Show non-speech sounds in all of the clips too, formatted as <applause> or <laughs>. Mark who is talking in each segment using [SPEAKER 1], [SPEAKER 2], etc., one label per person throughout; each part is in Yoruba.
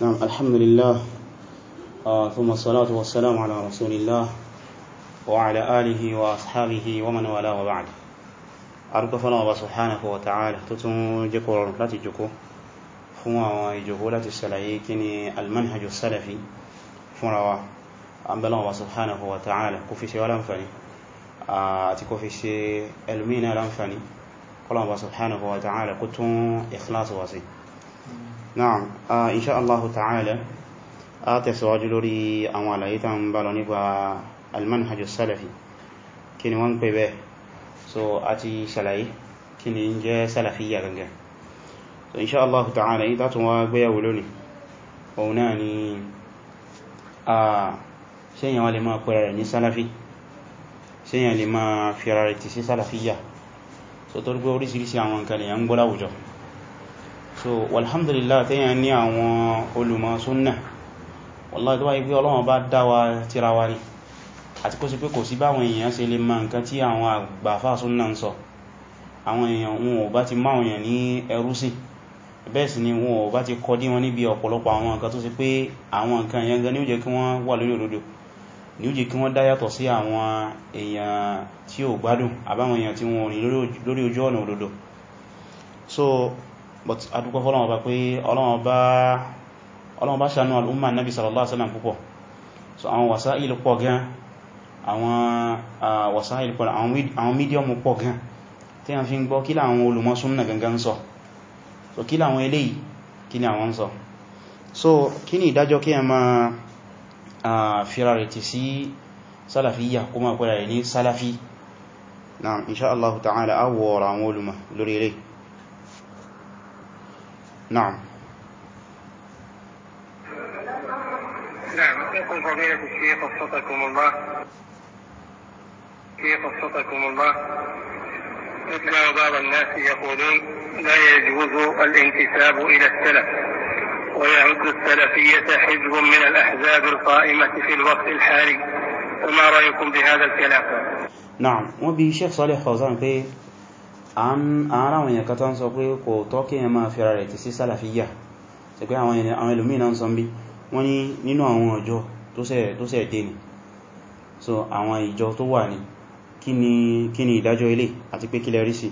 [SPEAKER 1] نعم الحمد لله ثم الصلاة والسلام على رسول الله وعلى آله وأصحابه ومن والاه وبعد أرجو فلان الله سبحانه وتعالى تتم جكور تجكو فما يجهولة السلعي كني المنهج السلفي فنوا أنبلا الله سبحانه وتعالى كفي شيء ولا أنفني أتكفي شيء المين لا أنفني قال الله سبحانه وتعالى كتم إخلاص واسي Naam, insha Allah ta'ala a tẹ̀síwájú lórí àwọn àlàyé tá ń bá lọ nípa al-manhaj salafi kí ni wọ́n pè bẹ́ẹ̀ so a ti ṣàlàyé kí ni ń jẹ́ salafiyya gangan so insha Allah ta'ala yí tátún wá gbéyàwó lónìí òun náà ni a ṣéyàn wá lè máa pẹ̀rẹ̀ rẹ̀ ní salafi so torí pé oríṣiríṣi àwọn nǹkan lèyàn ń so walhamdulillah tẹ́yàn ní àwọn olùmọ̀ súnnà wallahi tó bá yí pé Ọlọ́run bá dáwa tíra wa ni àti kó sí pé kò sí báwọn èèyàn ṣe lè ma nǹkan tí àwọn àgbàfà súnnà ń sọ àwọn èèyàn wọn ò bá ti máwọn èèyàn ní ẹrú bẹ́ẹ̀ sì ni wọn ò bá ti kọ́ dí wọn níbi ọ̀pọ̀lọpọ̀ àwọn nǹkan tó sì pé àwọn so but adúgbọ́ fọ́lọ́wọ́ bá pé ọlọ́wọ́ bá ṣanú al'umma nabi sallallahu alaihi wasallam púpọ̀ so àwọn wasa'il pọ̀ gan àwọn wasa'il pọ̀ àwọn medium pọ̀ gan tí a fi ń gbọ́ kí láwọn olùmọ̀ súnnà gangan sọ so kí láwọn eléyìí kí ni àwọn sọ so kí ni ìdájọ́ kí a máa fira rẹ̀ ti sí salafiyya kó máa pẹ̀lẹ̀ ní salafi na inṣá'allahu ta'ala awọ̀ ọ̀rọ̀ àwọn olùmọ̀ نعم
[SPEAKER 2] نعم يقول فضيلة الشيخ وفقكم الله كيف وفقكم الله أسمع بعض الناس يقولون لا يجوز الانتساب إلى السلف ويعد السلفية حزب من الأحزاب القائمة في
[SPEAKER 1] الوقت الحالي فما رأيكم بهذا الكلام؟ نعم وبه شيخ صالح فوزان في ara àwọn èèyàn kan tó ń sọ pé kò tọ́ kí èèyàn máa fẹ́ra rẹ̀ ti sí sálàfíyà ṣe pé àwọn ẹlòmíì náà ń sọ bí wọ́n ní nínú àwọn ọjọ́ tó sẹ̀ dé ni so àwọn ìjọ tó wà ní kí ni ìdájọ́ ilé àti pé kílẹ̀ rí sí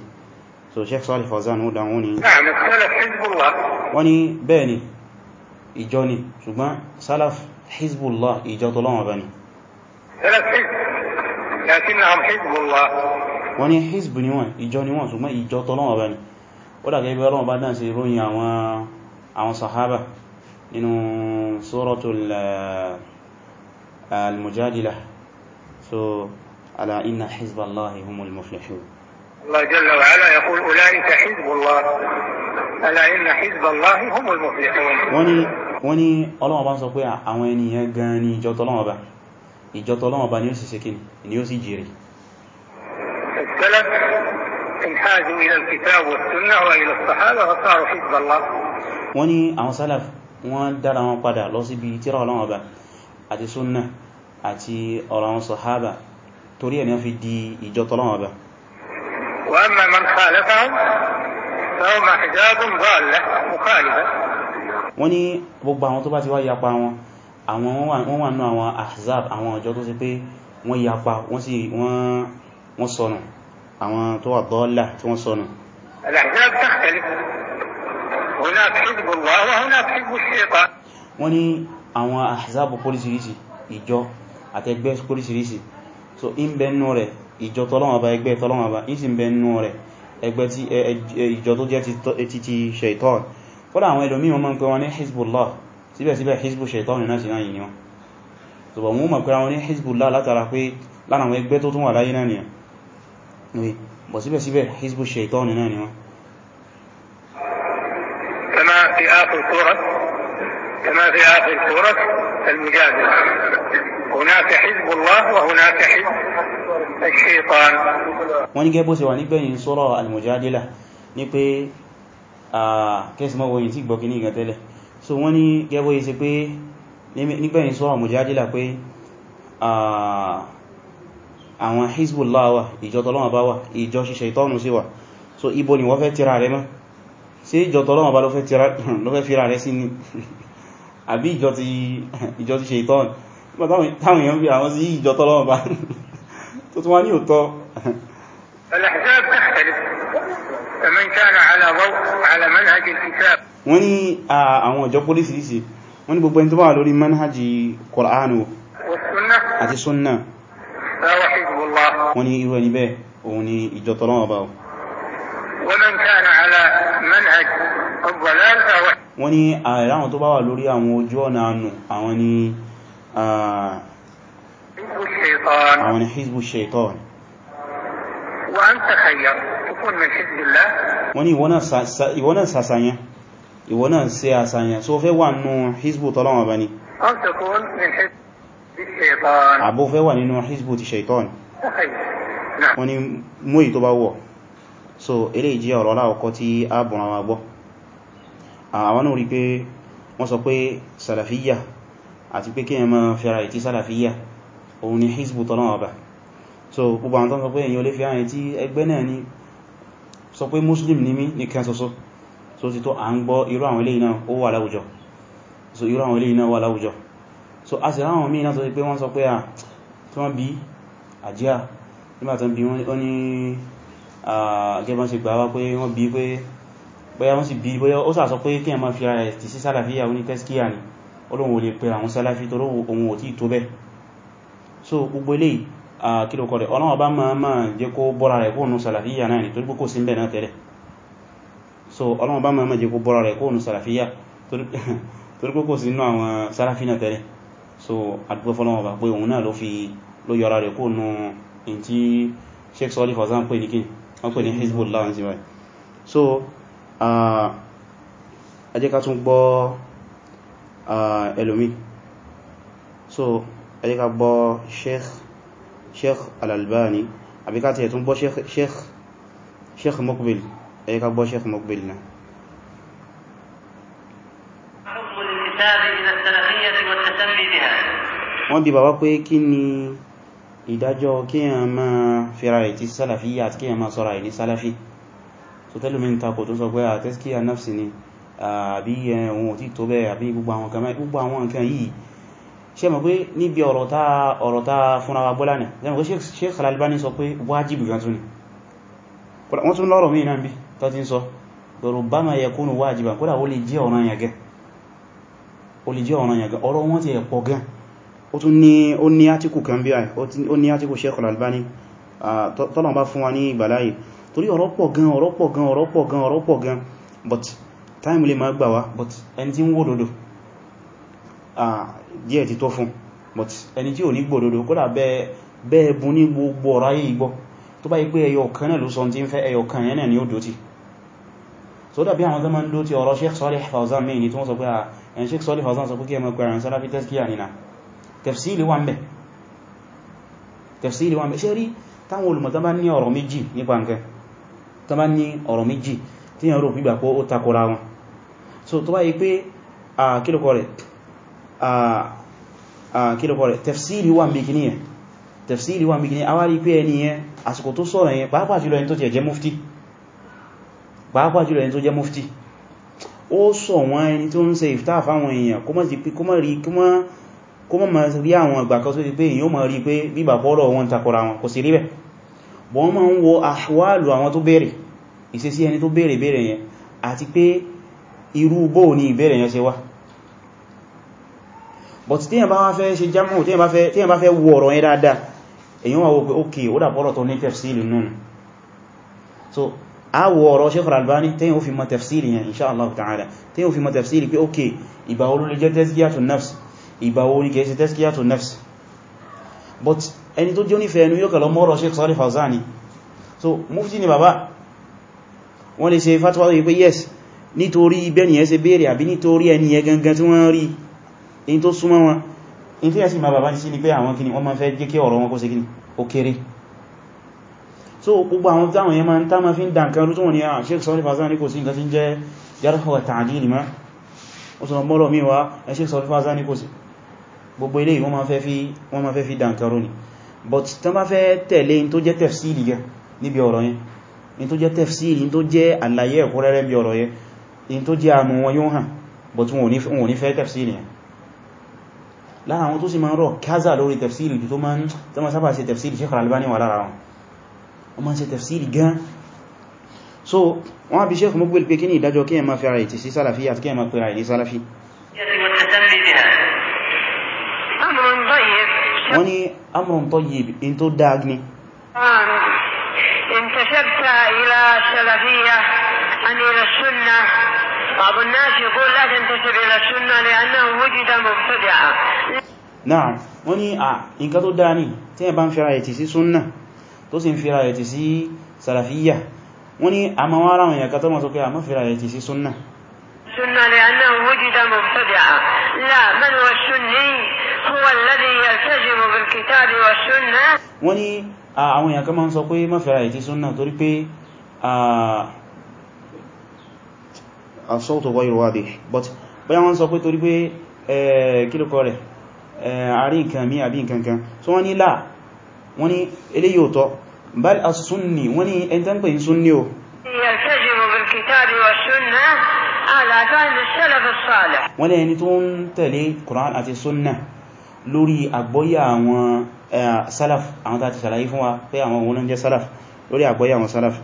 [SPEAKER 1] so Sheikh Salih Fawzan ó dáwọn ni wọ́n ní bẹ́ẹ̀ ni ìjọ ni wọ́n ní hizb ni wọ́n ìjọ ni wọ́n ṣùgbọ́n ìjọ tọ́lọ́wọ́ bá ní ó dàgẹ́ ibi ọlọ́wọ́ bá náà ṣe ròyìn àwọn sahaba nínú suratul eh, al-mujadila
[SPEAKER 2] الله جل وعلا يقول أولئك حزب الله ألا إن حزب الله هم المفلحون
[SPEAKER 1] wọ́n ní ọlọ́wọ́ bá ń sọ pé àwọn ènìyàn gan ni ìjọ tọ́lọ́wọ́ bá ní ó sì ṣe kí ni ó sì jèrè
[SPEAKER 2] السلف انحازوا إلى الكتاب والسنة وإلى الصحابة فصاروا حزب الله
[SPEAKER 1] وني ní àwọn sálàf wọ́n dára wọn padà lọ sí ibi tírà Ọlọ́run Ọba àti súnnà àti ọ̀rọ̀ àwọn sàhábà torí ẹ̀mí fi di ìjọ t'Ọlọ́run Ọba
[SPEAKER 2] وأما من خالفهم فهو حزب ضال مخالف
[SPEAKER 1] wọ́n ní gbogbo àwọn tó bá ti wá yapa wọn àwọn wọ́n wà nú àwọn ahzab àwọn ọjọ́ tó sì pé wọ́n yapa wọ́n sì wọ́n sọnù àwọn tó wà dọ́ọ́là tí wọ́n sọnù. wọ́n ní àwọn ahzabu póríṣiríṣi ìjọ àtẹgbẹ́ póríṣiríṣi so in bẹ nú rẹ̀ ìjọ tọ́lọ́mọba ẹgbẹ́ tọ́lọ́mọba in sì bẹ nú rẹ̀ ẹgbẹ́ tí ìjọ tó jẹ́ ti ti shaitan fọ́lá àwọn ẹlòmí wọn máa ń pè wọn ní hezbollah síbẹ̀síbẹ̀ hezbo shaitan náà sí náà yìí ni wọn so bọ̀ wọn mọ̀ pé wọn ní hezbollah látara pé lára ní bọ̀ síbẹ̀síbẹ̀ hizbu shaitan náà ni wọ́n
[SPEAKER 2] kama fi akhir surah kama fi akhir surah al-mujadila hunaka hizbullah wa hunaka hizb ash-shaytan
[SPEAKER 1] wọ́n ní gẹ́gbó sí wà nígbẹ̀yìn surah al-mujadila ní pé kẹsìmọ́ wòyìn tí gbọ́kì ní ìgàntẹ́lẹ̀ so wọ́n ní gẹ́gbó pé nígbẹ̀yìn surah al pé àwọn Hizbullah wà ìjọ t'Ọlọ́run bá wà ìjọ ṣiṣẹ́ ìtọ́nù sí wà so ibo ni wọ́n fẹ́ tira rẹ mọ́ sí ìjọ t'Ọlọ́run bá <laughs> ló fẹ́ fira rẹ sí ni <laughs> àbí ìjọ ti ṣe <laughs> ìtọ́nù táwọn èèyàn bí àwọn sí ìjọ t'Ọlọ́run bá tó tún wá ní òtọ́ wọ́n ní àwọn ọjọ́ pólísìírísì wọ́n ní gbogbo ẹni tó bá lórí manhaji Qur'anu
[SPEAKER 2] àti sunnah wọ́n ní
[SPEAKER 1] irú ẹni bẹ́ẹ̀ òun ni ìjọ tọ́lọ́wọ́ bá wọ́n ní àìráwọn tó bá wà lórí àwọn ojú ọ̀nà ànù àwọn ni àwọn ni hizbu shaitan wọ́n ní ìwọ náà sàṣàyàn ìwọ náà ṣe àṣàyàn so fẹ́ wà nínú hizbu tọ́lọ́wọ́ bá ní àbúfẹ́ wà nínú hizbu ti shaitan wọ́n ni mú ì tó bá wọ̀ so eré ìjí ọ̀rọ̀ aláwọ̀kọ́ tí a bùnra wa gbọ́ àwọn náà rí pé wọ́n sọ pé sàlàfíyà àti pé kíyàn máa fẹ́ra ìtí sàlàfíyà òun ni hizbu tọ́lọ́wọ́ bá so gbogbo àwọn tó sọ ni sọ so ti tó à ń gbọ́ irú àwọn eléyìí náà ó wà láwùjọ so irú àwọn eléyìí náà so a sì ráwọn míì náà sọ pé wọ́n sọ àjíà nígbàtán bí wọ́n ní gẹ́gbọ́n ṣe gbà wá pé wọ́n bí pé bóyá wọ́n sì bí bóyá ó sàsọ pé kí a máa fi ara ẹ̀ tì sí sálàfíà oní tẹ́skíyà ni olóhun olè pẹ̀lú àwọn sálàfí tó ohun òtí tó bẹ́ so gbogbo ilé kílòkọ̀ rẹ̀ ọlọ́wọ́ bá máa máa jẹ́ kó bọ́ra rẹ̀ kóònù sálàfíyà náà ni torí kò sí mbẹ̀ náà tẹ́lẹ̀ so ọlọ́wọ́ bá máa máa jẹ́ kó bọ́ra rẹ̀ kóònù sálàfíyà torí <laughs> kò sí inú àwọn sálàfí náà tẹ́lẹ̀ so àdúgbò fọ́lọ́wọ́ bá pé òun náà ló fi ló yọra rẹ̀ kóònù in tí sheik sọ́lì fọ́sán pè ní kí wọ́n pè ní hezbollah ń síwáyìí so a jẹ́ ká tún gbọ́ ẹlòmí so a jẹ́ ká gbọ́ sheik al-albani àbí ká tiẹ̀ tún gbọ́ sheik mokbil a jẹ́ ká gbọ́ sheik mokbil náà wọ́n bí bàbá pé kí ni ìdájọ́ kíyàn máa fira rẹ̀ ti sálàfí àti kíyàn máa sọ́ra ìní sálàfí so tẹ́lùmí ń takò tó sọ pé àtẹ́síkíyà nafsi ni àbí ẹ̀wọ̀n tí tó bẹ́ẹ̀ àbí gbogbo àwọn nǹkan yìí ṣe mọ̀ pé níbi ọ̀rọ̀ tá fúnra wa bọ́lá ní albani sọ pé wájìbì gan tún ni wọ́n tún lọ́rọ̀ mí náà bí tó ti ń sọ rubbama yakunu wajiban kódà ó lè jẹ́ ọ̀ranyàn gan ọ̀rọ̀ wọn ti ẹ̀pọ̀ gan ó tún ní ó ní átíkù kan bí i ó ní átíkù Sheikh Al-Albani tọ́lọ̀ bá fún wa ní ìgbàláyè torí ọ̀rọ̀ pọ̀ gan ọ̀rọ̀ gan ọ̀rọ̀ gan ọ̀rọ̀ gan but time lè máa gbà wá but ẹni tí ń wò lòdò díẹ̀ ti tó fún but ẹni tí ò ní gbò lòdò kódà bẹ́ẹ̀ bú ní gbogbo ọ̀rọ̀ ayé ìgbọ́ tó bá yí pé ẹyọ kan náà ló sọ tí ń fẹ́ ẹyọ kan yẹn ni ó dó ti so dàbí àwọn tó máa ń dó ti ọ̀rọ̀ Sheikh Salih Fawzan mẹ́yìn tí wọ́n sọ pé ẹni Sheikh Salih Fawzan sọ pé kí ẹ mọ̀ pé àrùn Salafi tẹ́síkíyà nìna tẹ̀fsílì wà mẹ́ tẹ̀fsílì wà mẹ́ ṣe rí táwọn olùmọ̀ tán bá ní ọ̀rọ̀ méjì nípa nǹkan tán bá ní ọ̀rọ̀ méjì tí so tó bá yí pé kílùkọ rẹ̀ tẹ̀fsílì wà mẹ́ kìíní yẹn tẹ̀fsílì wà mẹ́ kìíní a wá rí pé ẹni yẹn àsìkò tó sọ̀rọ̀ yẹn pàápàá jùlọ ẹni tó jẹ́ mufti pàápàá jùlọ ẹni tó jẹ́ mufti ó sọ wọn ẹni tó ń ṣe ìftáà fáwọn èèyàn kó mọ́ rí kó mọ́ kó mọ́ rí àwọn ìgbà kan tó ti pé èyàn mọ́ rí pé bíbà fọ́rọ̀ wọn takọra wọn kò sí rí bẹ̀ wọ́n mọ́ ń wo àṣwàlù àwọn tó béèrè ìṣesí ẹni tó béèrè béèrè yẹn àti pé irú bó ni ìbéèrè yẹn ṣe wá but téèyàn bá wá fẹ́ ọ̀rọ̀ yẹn so àwọ̀ ọ̀rọ̀ Sheikh Al-Albani téèyàn ó fi mọ̀ tafsili yẹn insha Allah ta'ala téèyàn ó fi mọ̀ tafsili pé ok ìgbà olólejẹ́ tazkiyatun nafs ìgbàwó ní kẹsí tẹ́síkíyà tó nefs but ẹni tó jẹ́ onífẹ́ ẹnu yóò kẹlọ mọ́rọ̀ Sheikh Saalih Fawzān so mufti ni bàbá wọ́n lè ṣe fatwa wípé yes nítorí ibẹ́ nìyẹn ṣe béèrè àbí nítorí ẹni yẹn gangan tí wọ́n rí in tó súnmọ́ wọn in tí yẹn sì ma bàbá sí ni pé àwọn kìnnì wọ́n ma fẹ́ jẹ́ kí ọ̀rọ̀ wọn kó ṣe kìnnì ó kéré so gbogbo àwọn táwọn yẹn ma ń tá ma fi ń dà nǹkan rútún wọn ni a ah, Sheikh Saalih Fawzān kò sí nǹkan tí ń jẹ́ jarh wa ta'dīl ma ó sọ mọ́rọ̀ mi wá Sheikh Saalih Fawzān ní kò sí gbogbo eléyìí wọ́n ma fẹ́ fi dankaro ni but tán bá fẹ́ tẹ̀lé in tó jẹ́ tefsiri gẹ níbi ọ̀rọ̀ yẹn in tó jẹ́ tefsiri in tó jẹ́ àlàyé ẹ̀kúnrẹ́rẹ́ níbi ọ̀rọ̀ yẹn in tó jẹ́ àmú wọn yóò hàn but wọn ò ní fẹ́ tefsiri yẹn lára àwọn tó sì máa ń rọ̀ kázà lórí tefsiri jù tó máa ń sábà ṣe tefsiri Sheikh Al-Albani wà lára wọn wọ́n máa ń ṣe tefsiri gan so wọ́n ní amrun tayyib in tó dáa ní
[SPEAKER 3] انتسبت إلى السلفية عن إلى السنة بعض الناس يقول لا تنتسب إلى السنة لأنه وجد مبتدعا
[SPEAKER 1] náà wọ́n ní à nǹkan tó dáa ní tí ẹ bá ń fira ẹ̀tì sí súnnà tó sì ń fira ẹ̀tì sí sàràfíyà wọ́n ní àmàwárà àwọn ìyàkà tó mọ̀ sọ pé àmọ́ fira ẹ̀tì sí súnnà
[SPEAKER 3] سنة لأنه وجد مبتدعا لا من هو السني هو الذي يلتزم بالكتاب والسنة
[SPEAKER 1] وني ní àwọn èèyàn kan máa ń sọ pé mọ́fẹ́ra ìtí súnnà torí pé àṣọ́tò wọ́n yíò but bóyá wọ́n sọ pé torí pé kílùkọ rẹ̀ àrí nǹkan mí àbí nǹkan kan so wọ́n ní láà wọ́n ní eléyìí ò tọ́ bal as wọ́n ní ẹntẹ́
[SPEAKER 3] يلتزم بالكتاب والسنة على فهم السلف الصالح
[SPEAKER 1] wọ́n lẹ́yìn tó ń tẹ̀lé Qur'an àti sunna lórí àgbọ́yà àwọn salaf àwọn tàbí sàlàyé fún wa pé àwọn òun náà jẹ́ salaf lórí àgbọ́yà àwọn salaf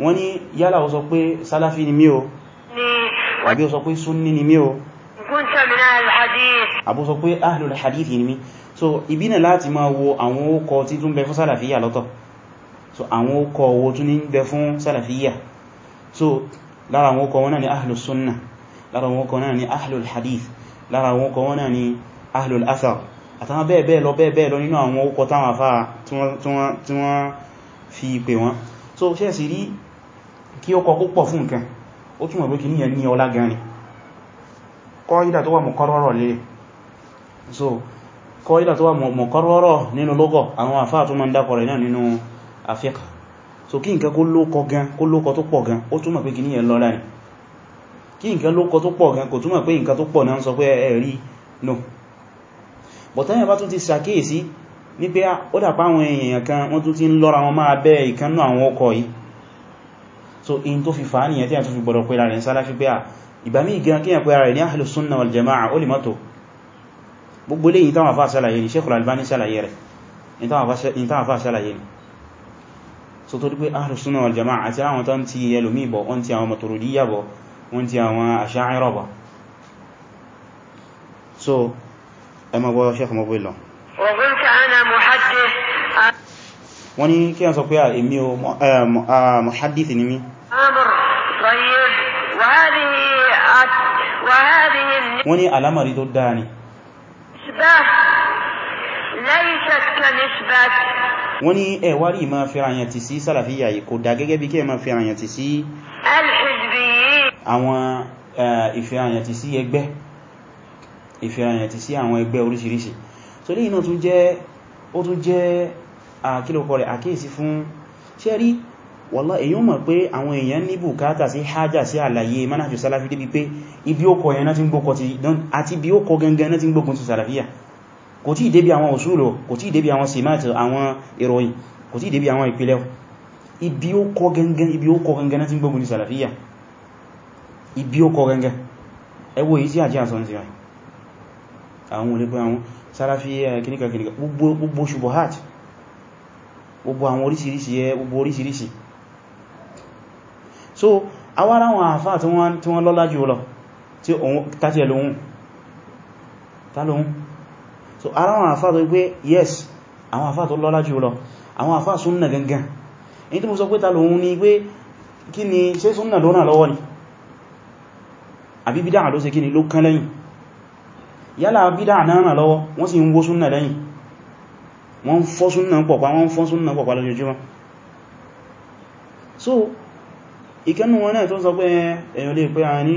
[SPEAKER 1] wọ́n ní yálà ó sọ pé salafi ni mí o àbí ó sọ pé sunni ni mí o àbí ó sọ pé ahlul hadith ni mí so ibi náà láti máa wo àwọn ókọ tí tún bẹ fún sálàfíyà lọ́tọ̀ so àwọn ókọ owó tún ní bẹ fún sálàfíyà so lára àwọn ókọ wọn náà ni ahlus sunnah lára àwọn ókọ náà ni ahlul hadith lára àwọn ókọ wọn náà ni ahlul athar àtàwọn bẹ́ẹ̀ bẹ́ẹ̀ lọ bẹ́ẹ̀ bẹ́ẹ̀ lọ nínú àwọn ókọ táwọn so kọ́ ilá tó wà mọ̀kọ́rọ̀rọ̀ nínú lọ́gọ̀ àwọn àfáà tó ma ń dákọ̀ rẹ̀ náà nínú àfíkà so kí nǹkan kó lókọ gan kó lókọ tó pọ̀ gan ó túmọ̀ pé kìníyàn lọ́ra ni kí nǹkan lókọ tó pọ̀ gan kò túmọ̀ pé nǹkan tó pọ̀ náà sọ pé ẹ̀rí no bọ̀tán yẹn bá tún ti sàkíyèsí ní pé ah, ó dàpá àwọn èèyàn kan wọ́n tún ti ń lọ́ra wọn máa bẹ́ ìkannú àwọn ọkọ̀ yìí so in tó fi fà á nìyẹn tí a tún fi gbọ́dọ̀ pé rẹ̀ sálá fi pé à ìbámí gan kíyàn pé rẹ̀ ní ahlus sunnah wal ó lè mọ́tò gbogbo lè ìtàwọn àfáà sálàyé ní Sheikhul Albani sálàyé rẹ̀ ìtàwọn àfáà sálàyé ní so tó dípé Ahlus Sunnah wal Jama'ah àti àwọn tán ti ẹlòmí bọ̀ wọ́n ti àwọn Maturidiyya bọ̀ wọ́n ti àwọn Asha'ira bọ̀ so ẹ ma gbọ́ Sheikh mọ́gbé lọ wọ́n ní kí a sọ ni alamari tó dáa ni
[SPEAKER 3] النسبة ليست كنسبة
[SPEAKER 1] wọ́n ní ẹ̀wárí ma fi ràyàn ti sí sàlàfíyà yìí kò dá gẹ́gẹ́ bí kí ẹ ma fi ràyàn ti sí àwọn ìfìràyàn ti sí ẹgbẹ́ ìfìràyàn ti sí àwọn ẹgbẹ́ oríṣiríṣi so ní iná tún jẹ́ ó tún jẹ́ àkílòkọ rẹ̀ àkíyèsí fún ṣe rí wọ́lá èyàn mọ̀ pé àwọn èèyàn ní bùkátà sí hájà sí àlàyé manhajus salafi débi pé ibi ó kọ ẹ̀nà tí ń gbókọ ti àti ibi ó kọ gangan náà tí ń gbókun ti sàlàfíà kò tí ìdébí àwọn òṣúlò kò tí ìdébí àwọn simat àwọn ìròyìn kò tí ìdébí àwọn ìpìlẹ̀ ibi ó kọ gangan ibi ó kọ gangan náà tí ń gbókun ti sàlàfíà ibi ó kọ so awára àwọn àfáà tí wọ́n lọ́lá jù tí òun tàti ẹlòun tàlòun so ara wọn àfá tó gbé yes àwọn àfá tó lọ́lá jù lọ àwọn àfá súnnà gangan èyí tí mo sọ pé tàlòun ni pé kí ni ṣe súnnà lọ́nà lọ́wọ́ ni àbí àdó ṣe kí ni ló kán lẹ́yìn yálà bídá àdára lọ́wọ́ wọ́n sì ń wó súnnà lẹ́yìn wọ́n fọ́ súnnà pọ̀pá wọ́n fọ́ súnnà pọ̀pá lójoojúmọ́ so wọn náà tó sọ pé èyàn lè pé a ní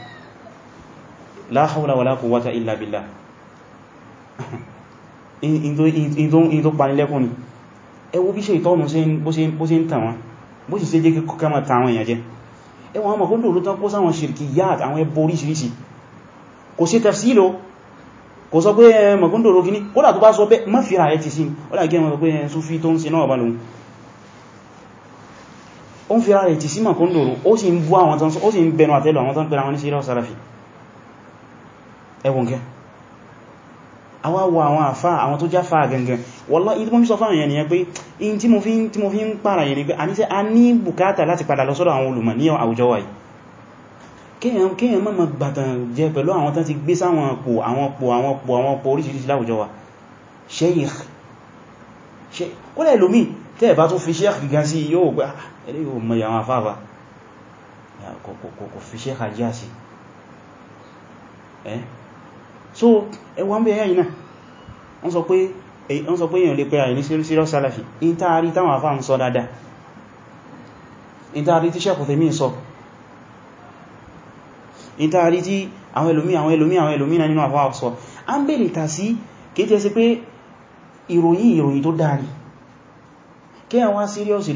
[SPEAKER 1] la hawla wala quwwata illa billah <laughs> in tó panilẹ́kùn ni ẹ wo bí ṣe ìtọ́nù bó ṣe ń tàn wọn bó sì ṣe jẹ́ kí kọ́kẹ́ máa tàwọn èèyàn jẹ ẹ wọ́n mọ̀ kó lò ló tán kó sáwọn ṣìrìkì yáàt àwọn ẹbọ oríṣiríṣi kò sí tafsilo kò sọ pé mọ̀kúndòrò kìíní kódà tó bá sọ pé má fìrà ẹ̀ ti sí ọlá gẹ́ wọn pé súfí tó ń ṣe náà bá lòun ó ń fìrà ẹ̀ ti sí mọ̀kúndòrò ó sì ń bú àwọn tán ó sì ń bẹnu àtẹ́lù àwọn tán pẹ̀lú àwọn ní sí ìrọ̀ sárafi ẹwọ̀n gẹn awáwọ̀ àwọn àfá àwọn tó jáfà gẹngẹn wọ́lọ́ ìdí mọ́ fi sọ fáwọn èèyàn nìyẹn pé in tí mo fi ń pààrà yẹn ni pé a ní sẹ́ a ní bùkátà láti padà lọ sọ́dọ̀ àwọn olùmọ̀ ní àwùjọ wa yìí kéèyàn mọ́ gbàtàn jẹ pẹ̀lú àwọn tán ti gbé sáwọn pò àwọn pò àwọn pò àwọn pò oríṣiríṣi láwùjọ wa sheikh kó lẹ́ lómi tẹ́ bá tún fi sheikh gan sí yóò gbá ah, ẹ̀lẹ́ yóò mọ̀ yàwọn afáfà kò fi sheikh ajá sí so ẹwà ń bẹ ẹ̀yà iná wọ́n sọ pé èèyàn lè pé àyè ní serious salafi in taari táwọn afá ń sọ dáadáa in taari tí sẹ́kù tèmí sọ in taari tí àwọn ẹlòmí àwọn ẹlòmí àwọn ẹlòmí na nínú afá sọ a ń bèèrè tà sí kéjẹ́ sí pé ìròyìn ìròyìn tó dáa ni kí àwọn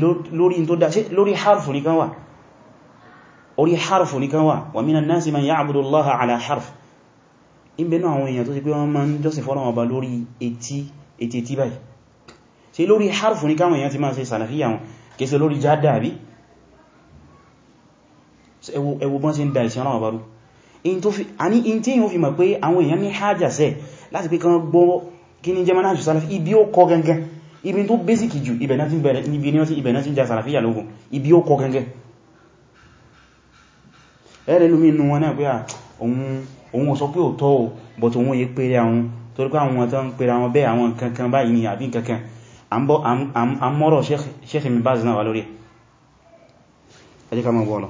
[SPEAKER 1] ìbẹ̀nà àwọn èèyàn tó ti pé wọ́n máa ń jọ́sìn fọ́lọ́wọ́ ọba lórí etí etí etí báyìí ṣe lórí harfù ní káwọn èèyàn ti máa ṣe sànàfíyà wọn kèsè lórí jádà àbí ẹwọ bọ́n ṣe ń da ìṣẹ́ ọ̀nà ọba rú àní in tí yíò fi mọ̀ pé àwọn èèyàn ní hajjá sẹ́ láti pé kan gbọ́ kí ní ti ń òun sọ pé òótọ́ o but òun yẹ pèrè àwọn torí pé àwọn tó ń pèrè àwọn bẹ́ẹ̀ àwọn kankan báyìí ni àbí kankan a mọ́rọ̀ Sheikh mi Baz náà wà lórí ẹjẹ́ ká mọ́ bọ́ lọ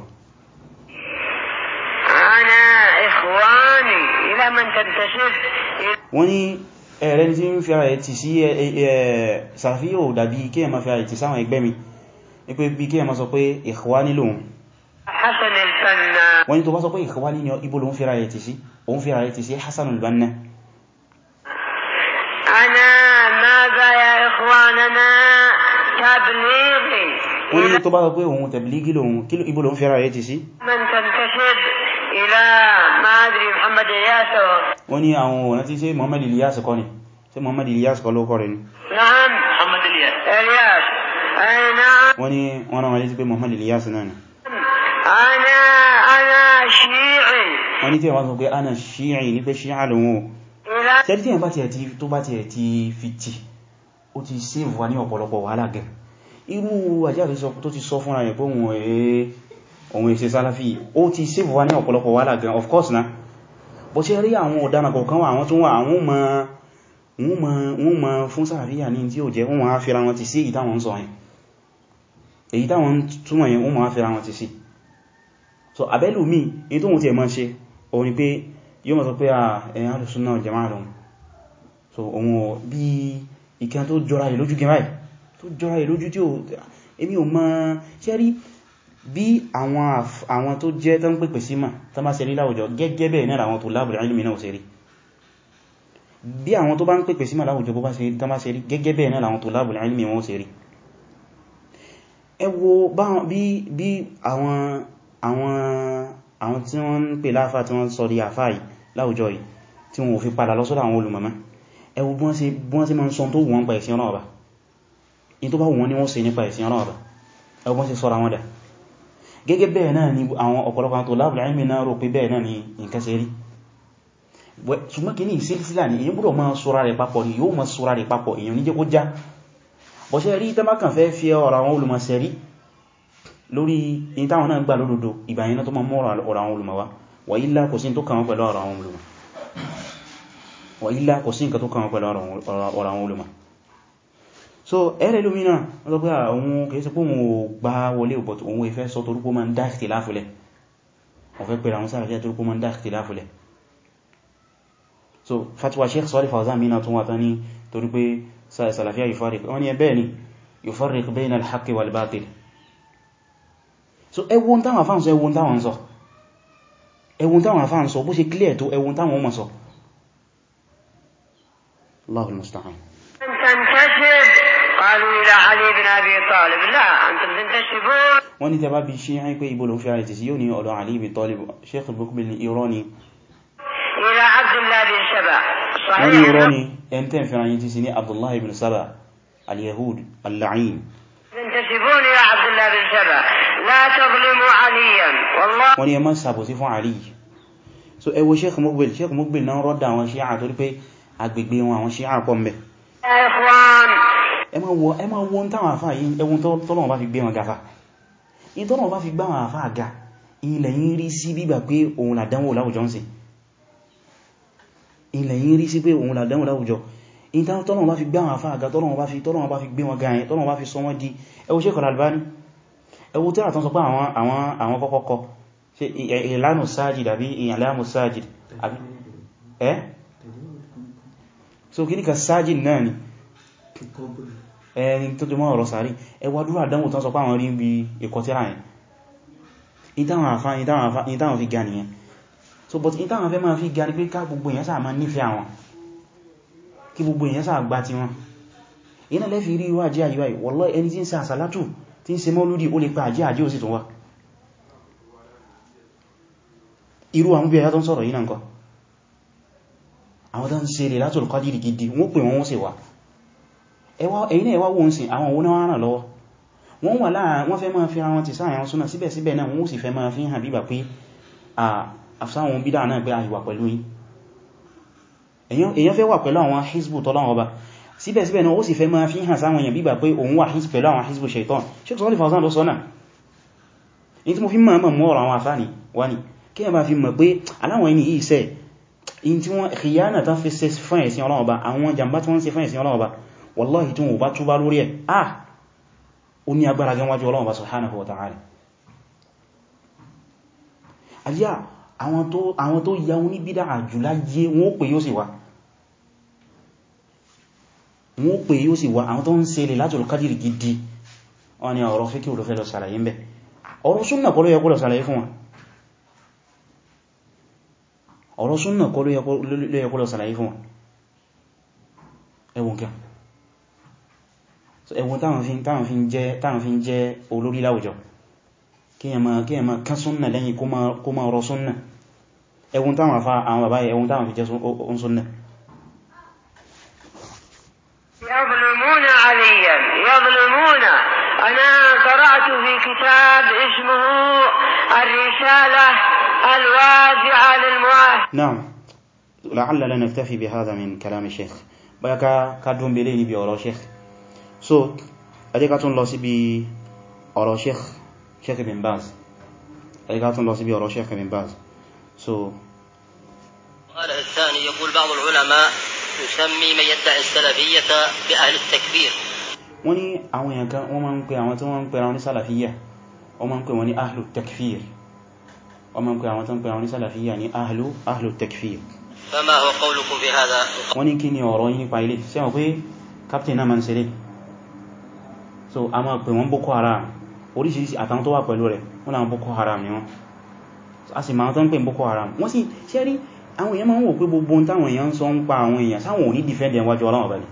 [SPEAKER 1] wọ́n ní ẹ̀rẹ́ tí ń fi ara ẹ̀ tì sí sàfíyò dàbí kí ẹ ma fi ara ẹ̀ tì sáwọn ẹgbẹ́ mi ní pé bí kí ẹ ma sọ pé ikhwani lòun hasani wọ́n ni tó bá sọ pé ìkọwàlì ní ibò ló ń fẹ́ra rẹ̀ ti sí òun fẹ́ra rẹ̀ ti sí Hassan al wọ́n ni tó bá sọ pé òun tẹ̀blígí lòun kí ibò ló ń fẹ́ra rẹ̀ ti sí wọ́n ni àwọn ọ̀nà tí ṣe Muhammad Ilyas kọ́ ni ṣe Muhammad Ilyas kọ́ ló kọ́ rẹ̀ ni wọ́n ni wọ́n rán wọlé sí wọ́n ní tí ẹ̀wọ́n sọ pé ana ṣíyìn ní pé ṣíyà lòun ṣẹ́dí tí ẹ̀yàn tó bá ti ẹ̀ ti fi tì ó ti save wa ní ọ̀pọ̀lọpọ̀ wàhálà gẹ̀ irú àjáre tó ti sọ fúnra yẹn pé òun èsẹ sálàfí of course na bó ṣe rí àwọn ọ̀daràn kọ̀ọ̀kan wà àwọn tó wà àwọn mọ̀ fún sàríyà ní tí ó jẹ́ wọ́n máa fẹ́ra wọn ti sí èyí táwọn ń sọ yẹn èyí táwọn túnmọ̀ yẹn wọ́n so abẹ́lùmí èyí tó wọ́n ti ẹ̀ ṣe òun ni pé yóò mọ̀ sọ pé ẹ̀yìn alùsùn náà jẹma so òun bí ìkẹ́ tó jọra ìlójú gẹ̀mà tó jọra ìlójú tí ó èmi ò mọ̀ ṣẹ́rí bí àwọn tó jẹ́ tán pèpè sí mà tán bá ṣẹlé láwùjọ gẹ́gẹ́ bẹ́ẹ̀ náà àwọn tó lábùrẹ̀ ilmi náà ṣe rí bí àwọn tó bá ń pèpè sí mà láwùjọ bó bá ṣe tán bá ṣe rí gẹ́gẹ́ bẹ́ẹ̀ náà àwọn tó lábùrẹ̀ ilmi wọn ṣe rí ẹ bí àwọn àwọn tí wọ́n ń pè láàfà tí wọ́n sọ di àfà yìí láwùjọ yìí tí wọ́n fi padà lọ́sọ́dọ̀ àwọn olùmọ̀mọ́ ẹwú bí wọ́n sí ma ń sọ tó wọ́n pa ẹ̀sìn ọ̀nà ọ̀bà in tó bá wọ́n ní wọ́n ṣe nípa ẹ̀sìn ọ̀nà ọ̀bà ẹwú bí wọ́n sí sọ́ra wọn dà gẹ́gẹ́ bẹ́ẹ̀ náà ni àwọn ọ̀pọ̀lọpọ̀ tó láàbùlá ẹ̀mí náà rò pé bẹ́ẹ̀ náà ni nǹkan ṣe rí ṣùgbọ́n kì ní ìsílsílà ni èyí gbọ́dọ̀ máa sọ́ra rẹ̀ papọ̀ ni yóò máa sọ́ra rẹ̀ papọ̀ èyàn ní jẹ́ kó já bọ́ṣẹ́ rí tẹ́mákàn fẹ́ fi ọ̀rọ̀ àwọn lórí in táwọn náà gbà lódodo ìgbàyẹn tó ma mọ́rọ̀ ọ̀rọ̀ àwọn olùmọ̀wá wà ílá kò sí nǹkan tó kàn wọ́n pẹ̀lú ọ̀rọ̀ àwọn olùmọ̀ so ẹ̀rẹ́ lómìnà ọlọ́gbà àwọn kèése pé òun ò gbá wọlé òbọ̀tí òun ìfẹ́ sọ torúkó ma ń dá ìtìláfilẹ̀ ọ̀fẹ́ pẹ̀lú àwọn sára jẹ́ ma ń dá ìtìláfilẹ̀ so fatwa sheikh Salih Fawzan mina tún wata ní torí pé salafiya yufarriq wọ́n ni ẹbẹ́ ni so ẹwọ́n táwọn afáàn sọ ẹwọ́n táwọn sọ ẹwọ́n táwọn afáàn sọ bó ṣe clear tó ẹwọ́n táwọn ọmọ sọ Allahu al-musta'an wọ́n ní tẹbá bí ṣe ń pé ìbò ló fi ara ìtìsí yóò ní ọ̀dọ̀ Ali ibn Talib Sheikh al-Bukbil ní irọ́ ni
[SPEAKER 3] wọ́n ní irọ́ ni
[SPEAKER 1] ẹn tẹ́ fi ara ìtìsí ní Abdullahi ibn Saba al-Yahud al-La'in wọ́n ni ẹ má sàbòsí fún àrí yìí so ẹ wo sheikh mukbil sheikh mukbil náà rọ́dà àwọn Shia torí pé agbègbè wọn àwọn Shia pọ̀ mẹ́ ẹ má wo ẹ má wo ń táwọn àfáà yìí ẹwùn tọ́lọ̀wọ̀n bá fi gbé wọn gafa in tọ́lọ̀wọ̀n bá fi gbá wọn àfáà ga ilẹ̀ yìí rí sí bígbà pé òun làdánwò láwùjọ ń ṣe ilẹ̀ yìí rí sí pé òun làdánwò láwùjọ in tọ́lọ̀wọ̀n bá ẹwọ tí a tán sọ pé àwọn kọ́kọ́kọ́ ṣe ìlànà sáàjìd àbí ìyànlámù sáàjìd àbí ẹ́ so kí ní ka sáàjìd náà ni ẹni tó jọmọ́ ọ̀rọ̀ sàárì ẹwà dúró àdánwò tán sọ pé àwọn rí bí ẹkọ̀ tí ráyìn ìtàwọn fi so but ìtàwọn fẹ́ máa fi gani pé ká gbogbo èèyàn sáà máa nífẹ̀ẹ́ àwọn kí gbogbo èèyàn sáà gbá ti wọn tí ń ṣe mọ́lúdì ó lè pa àjẹ́ àjẹ́ ò sì tún wá irú àwọn bí ẹ̀yà tó ń sọ̀rọ̀ yìí náà nǹkan àwọn tó ń ṣe lè látòlù kọ́dìrì gidi wọ́n pè wọ́n sì wà ẹ̀yìn ẹ̀wà wọ́n sì àwọn òun náà ràn lọ́wọ́ wọ́n wà láàrin wọ́n fẹ́ máa fi àwọn ti sáàyàn wọn súnà síbẹ̀síbẹ̀ náà wọ́n sì fẹ́ máa fi hàn bíbà pé àfsáwọn bídà náà pé àìwà pẹ̀lú yìí èyàn fẹ́ wà pẹ̀lú àwọn hizbu tọ́lọ́wọ́ ọba síbẹ̀síbẹ̀ náà ó sì fẹ́ máa fi hàn sáwọn èèyàn bíbà pé òun wà hìsì pẹ̀lú àwọn hìsìbò ṣaitan Shaykh Saalih Al Fawzān ló sọ́nà ní tí mo fi máa mọ̀ ọ̀rọ̀ àwọn afáni wá ní kí ẹ bá fi mọ̀ pé aláwọn ẹni yìí sẹ́ in tí wọ́n kìyànà tán fi ṣe fún ẹ̀sìn Ọlọ́run Ọba àwọn jàmbá tí wọ́n ṣe fún ẹ̀sìn Ọlọ́run Ọba wallahi tí wọ́n bá túbá lórí ah! tó ya oníbídà àjùlá yé wọ́n pè yóò sì wá wọ́n pè yíó sì wà àwọn tó ń ṣe lè láti olùkádìrì gidi wọ́n ni ọ̀rọ̀ fíkí olùfẹ́ lọ sàlàyé mẹ́ ọ̀rọ̀ súnnà kọ́ ló yẹ kó lọ sàlàyé fún wọn ọ̀rọ̀ súnnà kọ́ ló yẹ kó lọ sàlàyé fún wọn ẹwùn kẹ́ ẹwùn táwọn fi ń jẹ́ olórí láwùjọ kíyàn máa
[SPEAKER 3] أنا قرأت في كتاب اسمه الرسالة الواجعة للمؤهل
[SPEAKER 1] نعم لعلنا نكتفي بهذا من كلام الشيخ bóyá ká بليني belé níbi so ẹjẹ́ ká tún شيخ síbi ọ̀rọ̀ sheikh sheikh bin baz ẹjẹ́ ká tún lọ ọ̀rọ̀ sheikh baz so
[SPEAKER 2] الثاني يقول بعض العلماء يسمي من يدعي السلفية
[SPEAKER 3] بأهل التكبير
[SPEAKER 1] wọ́n ní àwọn èèyàn kan wọ́n máa ń pè àwọn tí wọ́n ń pè àwọn ní sàlàfíyà wọ́n máa ń pè wọ́n ní ahlu takfir wọ́n máa ń pè àwọn tí wọ́n ń pè àwọn ní sàlàfíyà ní ahlu ahlu takfir wọ́n ní kí ni ọ̀rọ̀ yín nípa ilé sẹ́wọ̀n pé captain náà máa ń ṣe so a máa pè wọ́n boko haram oríṣiríṣi àtàwọn tó wà pẹ̀lú rẹ̀ wọ́n náà boko haram ni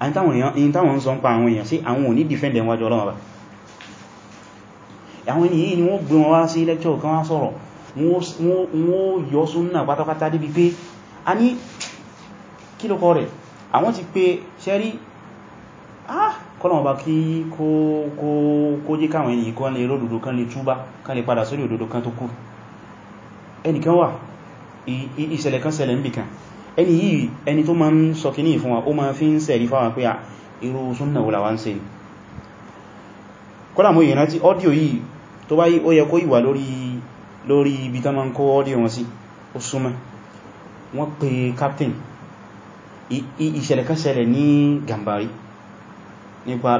[SPEAKER 1] in táwọn sọ ń pa àwọn èèyàn sí àwọn òní defend ẹ̀wájú ọlọ́wọ́ àwọn ènìyàn ni wọ́n gbé wọn wá sí lecture kan wá sọ̀rọ̀ wọ́n yọ súnnà pátápátá débi pé a ní kí ló kọ́ rẹ̀ àwọn ti pé ṣẹ́rí ah, kọ́lọ̀wọ̀n bá kí kó jẹ́ káwọn ènìyàn kan lè ródòdó kan lè túbá kan lè padà sórí òdòdó kan tó kù ẹnìkan wà ìṣẹ̀lẹ̀ kan ṣẹlẹ̀ níbìkan ẹni yìí ẹni tó ma ń sọ kìíní fún wa ó ma fi ń sẹ̀rí fáwọn pé à irú súnnà wùlà wá ń ṣe kọ́lá mú ìrìnà tí ọ́díò yìí tó bá yí ó yẹ kó ìwà lórí ibi tán ma ń kó ọ́díò wọn sí ó súnmọ́ wọ́n pe captain ìṣẹ̀lẹ̀ kan ṣẹlẹ̀ ní gambari, nípa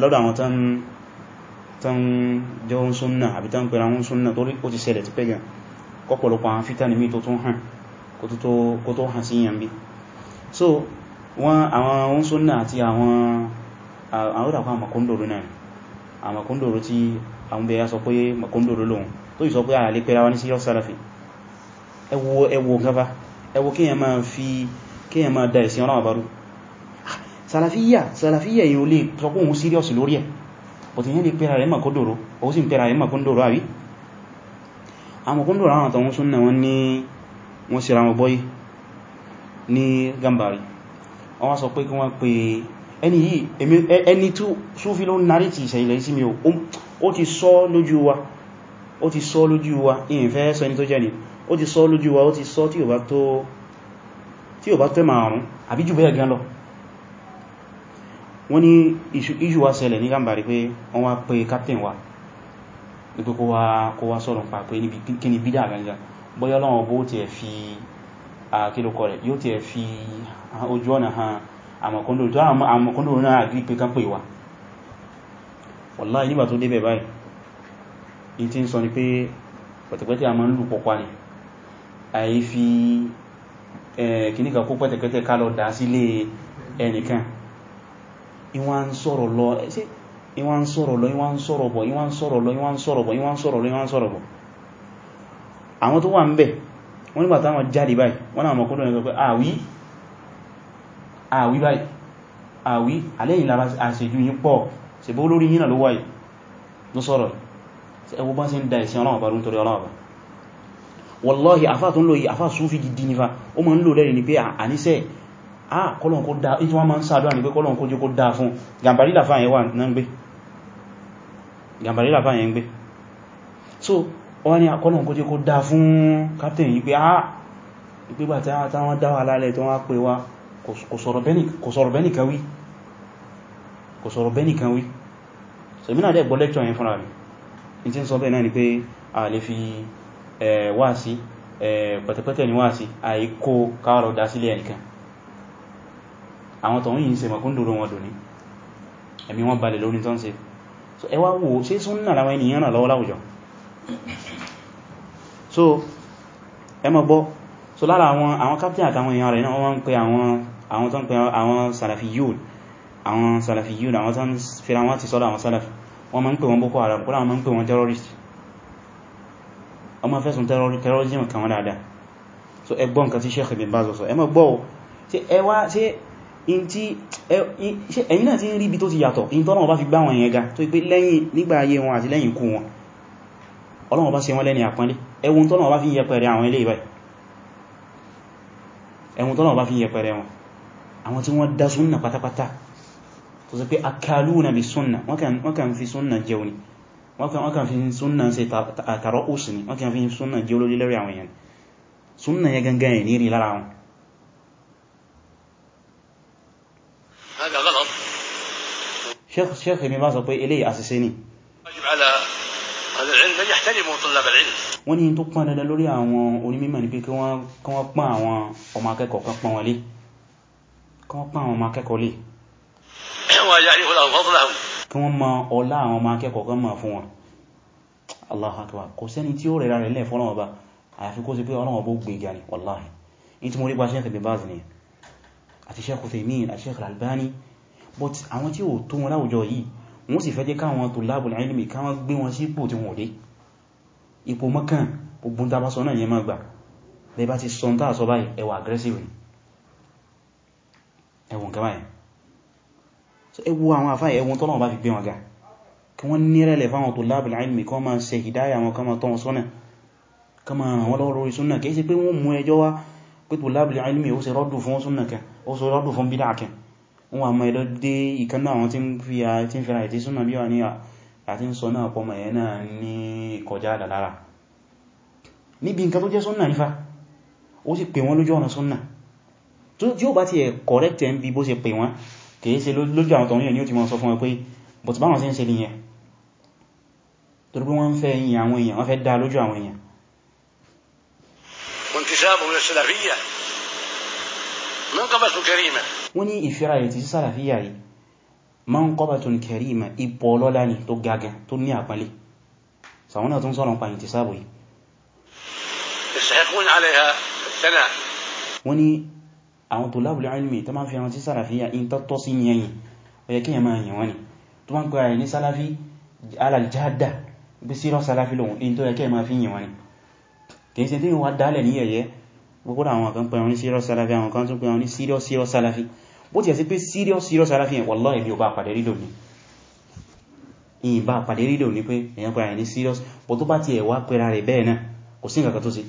[SPEAKER 1] lọ́dọ̀ àwọn tán jẹun súnnà àbí tán pẹ̀lú àwọn súnnà torí ó ti ṣẹlẹ̀ ti pẹ́ kọpọ̀lọpọ̀ àwọn fítà ní mí tó tún hàn kó tó hàn sí yàn bí so wọ́n àwọn ohun súnnà àti àwọn àwọ́dàkọ́ àmàkóndòrò náà àmàkóndòrò tí àwọn bẹ̀yà sọ pé màkóndòrò lòun tó yìí sọ pé àlè pẹ́ra wá ní serious salafi ẹwọ ẹwọ gaba ẹwọ kíyàn máa fi kíyàn máa da ìsìn ọlọ́wà barú salafiyya salafiyya yìí ó lè sọ pé òun serious lórí ẹ̀ but ìyẹn lè pẹ́ra rẹ̀ màkóndòrò òun sì ń amọ̀kúndùn àwọn àtàwọn súnnà wọn ní wọ́n sí ramọ̀ bọ́yí ní gambari wọ́n wá sọ pé kí wọ́n pè ẹni yìí ẹni tí súnfí ló narí ti ìṣẹ̀lẹ̀ sí mi ó ti sọ lójú wa ó ti sọ wa ìfẹ́ ẹni tó jẹ́ ni ó ti sọ lójú wa ó ti sọ tí ò bá tó tí ò bá tó márùn-ún àbí jù bẹ́ẹ̀ gan lọ wọ́n ní ìṣù wá ṣẹlẹ̀ ní gambari pé wọ́n wá pè captain wa wípé kó wá sọ̀rọ̀ pa pé níbi kí ni bídá gangan bóyá Ọlọ́run bó ti ẹ̀ fi àkílùkọ rẹ̀ yóò ti ẹ̀ fi ojú ọ̀nà hàn àmọ̀kúndò náà àgbí pé kán pè wá wàláhì nígbà tó débẹ̀ báyìí ni a máa ń lù pọ̀pá ni àyí fi kìníkà kó pẹ̀tẹ̀pẹ̀tẹ̀ ká ìwá ń sọ̀rọ̀ lọ ìwá ń sọ̀rọ̀ bọ̀ ìwá ń sọ̀rọ̀ lọ ìwá ń sọ̀rọ̀ bọ̀ ìwá ń sọ̀rọ̀ lọ ìwá ń sọ̀rọ̀ bọ̀ àwọn tó wà ń bẹ̀ wọ́n nígbà táwọn jáde báyìí wọ́n náà mọ̀kúnlọ̀ ní pé àwí àwí báyìí àwí àlẹ́yìn lára àṣejù yín pọ̀ ṣe bó lórí yínà ló wáyìí ló sọ̀rọ̀ ẹwọ bá sí ń da ìsìn ọlọ́wọ̀ wallahi afá tó ń lò yìí afá súnfì gidi nífà ni pé àníṣẹ́ ah kọ́lọ̀n kó dáa ìtí wọ́n ma ń sáàdọ́ àní pé kọ́lọ̀n kó jẹ́ kó dáa fún gàmbàrí làfáà yẹn wà gàmbàrí làfà yẹn gbé so wọ́n ni àkọ́nà kó jẹ́ kó dá fún captain yìí pé ah ìgbégbà tí wọ́n dá wà lálẹ́ tó wá pè wá kò sọ̀rọ̀ bẹ́nìkan wí kò sọ̀rọ̀ bẹ́nìkan wí so ìmìnà dẹ̀ gbọ́ lecture yẹn fúnra rẹ̀ ni pé a lè fi wá sí pẹ̀tẹ̀pẹ̀tẹ̀ ni wá sí àìkó káàrọ̀ dá sílé ẹnìkan àwọn ẹ̀mí wọn balẹ̀ lórí tó ń so ẹ wá wò ṣe súnnà láwọn ènìyàn náà lọ́wọ́ láwùjọ so ẹ mọ̀ gbọ́ so lára àwọn àwọn captain àtàwọn èèyàn rẹ̀ náà wọ́n ń pe àwọn àwọn tó ń pe àwọn salafiyun àwọn salafiyun àwọn tó ń fira wọn ti sọ́dọ̀ àwọn salaf wọ́n máa ń pè wọn boko haram kúrò àwọn máa ń pè wọn terrorist ọmọ fẹ́sùn terrorism kan wọ́n dáadáa so ẹ gbọ́ nǹkan tí Sheikh in tí ẹ̀yìn náà ti ń rí ibi tó ti yàtọ̀ in tọ́lọ́wọ́ bá fi gbá wọn yẹn ga tó ipé lẹ́yìn nígbà ayé wọn àti lẹ́yìn ikú wọn Ọlọ́run bá ṣe wọ́n lẹ́ni àpọ́nlé ẹwùn tọ́lọ́wọ́ bá fi yẹpẹrẹ àwọn ilé ìbáyìí ẹwùn tọ́lọ́wọ́ bá fi yẹpẹrẹ wọn àwọn tí wọ́n dá súnnà pátápátá tó sì pé akalúnà bí súnnà wọ́n kàn fi súnnà jẹun ni wọ́n kàn fi súnnà ṣe àtàrọ wọn sheikh mi bá sọ pé eléyìí àṣìṣe ni wọ́n ní tó pán dandan lórí àwọn onímọ̀ ní pé kí wọ́n pán àwọn ọmọ akẹ́kọ̀ọ́ kan pán wọn lé kí wọ́n pán àwọn ọmọ akẹ́kọ̀ọ́ lé kí wọ́n mọ ọlá àwọn ọmọ akẹ́kọ̀ọ́ kan mọ̀ fún wọn Allahu akbar kò sẹ́ni tí ó rẹ̀ rẹ̀ lẹ́ fọ́lọ́wọ́ bá àyàfi kó sí pé ọlọ́wọ́ bó but àwọn tí ò tó wọn láwùjọ yìí wọ́n sì fẹ́ jẹ́ káwọn tulabul ilmi káwọn gbé wọn sí ipò tí wọ́n dé ipò mọ́kàn gbogbo tàbá sọ náà yẹn máa gbà bẹ́ bá ti sọ ń tàà sọ báyìí ẹwà aggressive ẹwùn kama yẹn so ẹwù àwọn àfáà ẹwùn tọ́lọ̀ bá fi gbé wọn ga kí wọ́n nírẹ̀lẹ̀ ilmi ó ṣe rọ́dù fún súnnà ó ṣe rọ́dù fún bídà kan wọn àmọ́ ẹ̀dọ́ dé ìkan náà wọn tí ń fi ra ìtí súnà bí wà ní àti ń sọ náà pọmọ ẹ̀ náà ní kọjá àdàlára níbi nǹkan tó jẹ́ súnà nífà ó sì pè wọ́n lójú ọ̀nà súnà tí ó bá ti ẹ̀ ni ó ti mọ́ sọ fún ẹ pé but báwọn sí ń ṣe nìyẹn torí pé wọ́n
[SPEAKER 4] ń من قبس كريمة
[SPEAKER 1] wọ́n ní ìfira rẹ̀ ti sí sàràfíyà yìí manqabatun karima ipò ọlọ́lá ni tó gagan tó ní àpẹẹlẹ sàwọn náà tún sọ́rọ̀ pa ìtìsáàbò yìí wọ́n ní àwọn tó lábùlé ilmi tó máa fi àwọn tí ní ẹ̀yìn ọ̀yẹ́ kí tó ń gbára ní sálàfí alàjáàdà bí kìí ṣe tí wọ́n dálẹ̀ ní ẹ̀yẹ́ gbogbo àwọn kan pẹ̀rún ní serious salafi àwọn kan tún pẹ̀rún ní serious serious salafi bó ti ẹ̀ sí pé serious serious salafi yẹn wallahi èmi ò bá pàdé rídò ní ìyìnbá pàdé rídò ní pé èyàn pẹ̀rún ní serious bó tó bá ti ẹ̀ wá rẹ̀ bẹ́ẹ̀ náà kò sí nǹkan tó sí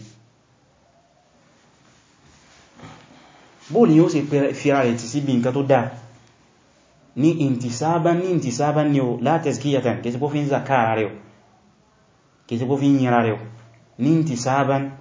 [SPEAKER 1] bó ni ó ṣe fira rẹ̀ ti síbi nǹkan tó dáa ní intisaban ní intisaban ni o la tazkiyatan kìí sí pó fi ń zakara rẹ̀ kìí sí pó fi ń yìnra rẹ̀ ní intisaban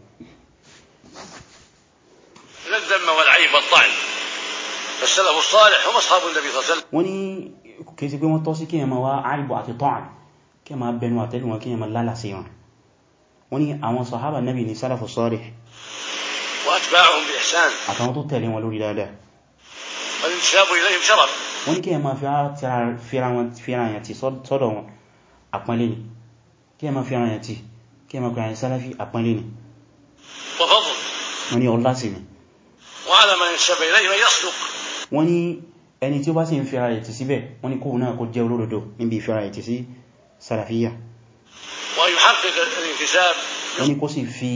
[SPEAKER 4] السلف الصالح هم أصحاب النبي صلى الله عليه وسلم
[SPEAKER 1] wọ́n ní kìí sí pé wọ́n tọ́ sí kí ẹmọ wá àìbò àti tọ́n kí ẹmọ bẹnu àtẹ́lù wọn kí ẹmọ lálàsí wọn wọ́n ní àwọn sọ̀hábà nẹ́bì ní sálàfù sọ́rẹ̀
[SPEAKER 4] وأتباعهم بإحسان
[SPEAKER 1] àtàwọn tó tẹ̀lé wọn lórí dáadáa
[SPEAKER 4] والانتساب إليهم شرف
[SPEAKER 1] wọ́n ní kí ẹmọ fíra yàn ti sọ́dọ̀ wọn àpọ́nlé ni kí ẹmọ fíra yàn ti kí ẹmọ kìrìyàn sálàfí àpọ́nlé ni wọ́n ní ọlá sí ni
[SPEAKER 4] وعلى من ينسب إليه من يصدق
[SPEAKER 1] wọ́n ní ẹni tí ó bá sì ń fẹ́ra ẹ̀tì síbẹ̀ wọ́n ní kóhùn náà kó jẹ́ olódodo níbi ìfẹ́ra ẹ̀tì sí salafiyya
[SPEAKER 4] wọ́n
[SPEAKER 1] ní kó sì fi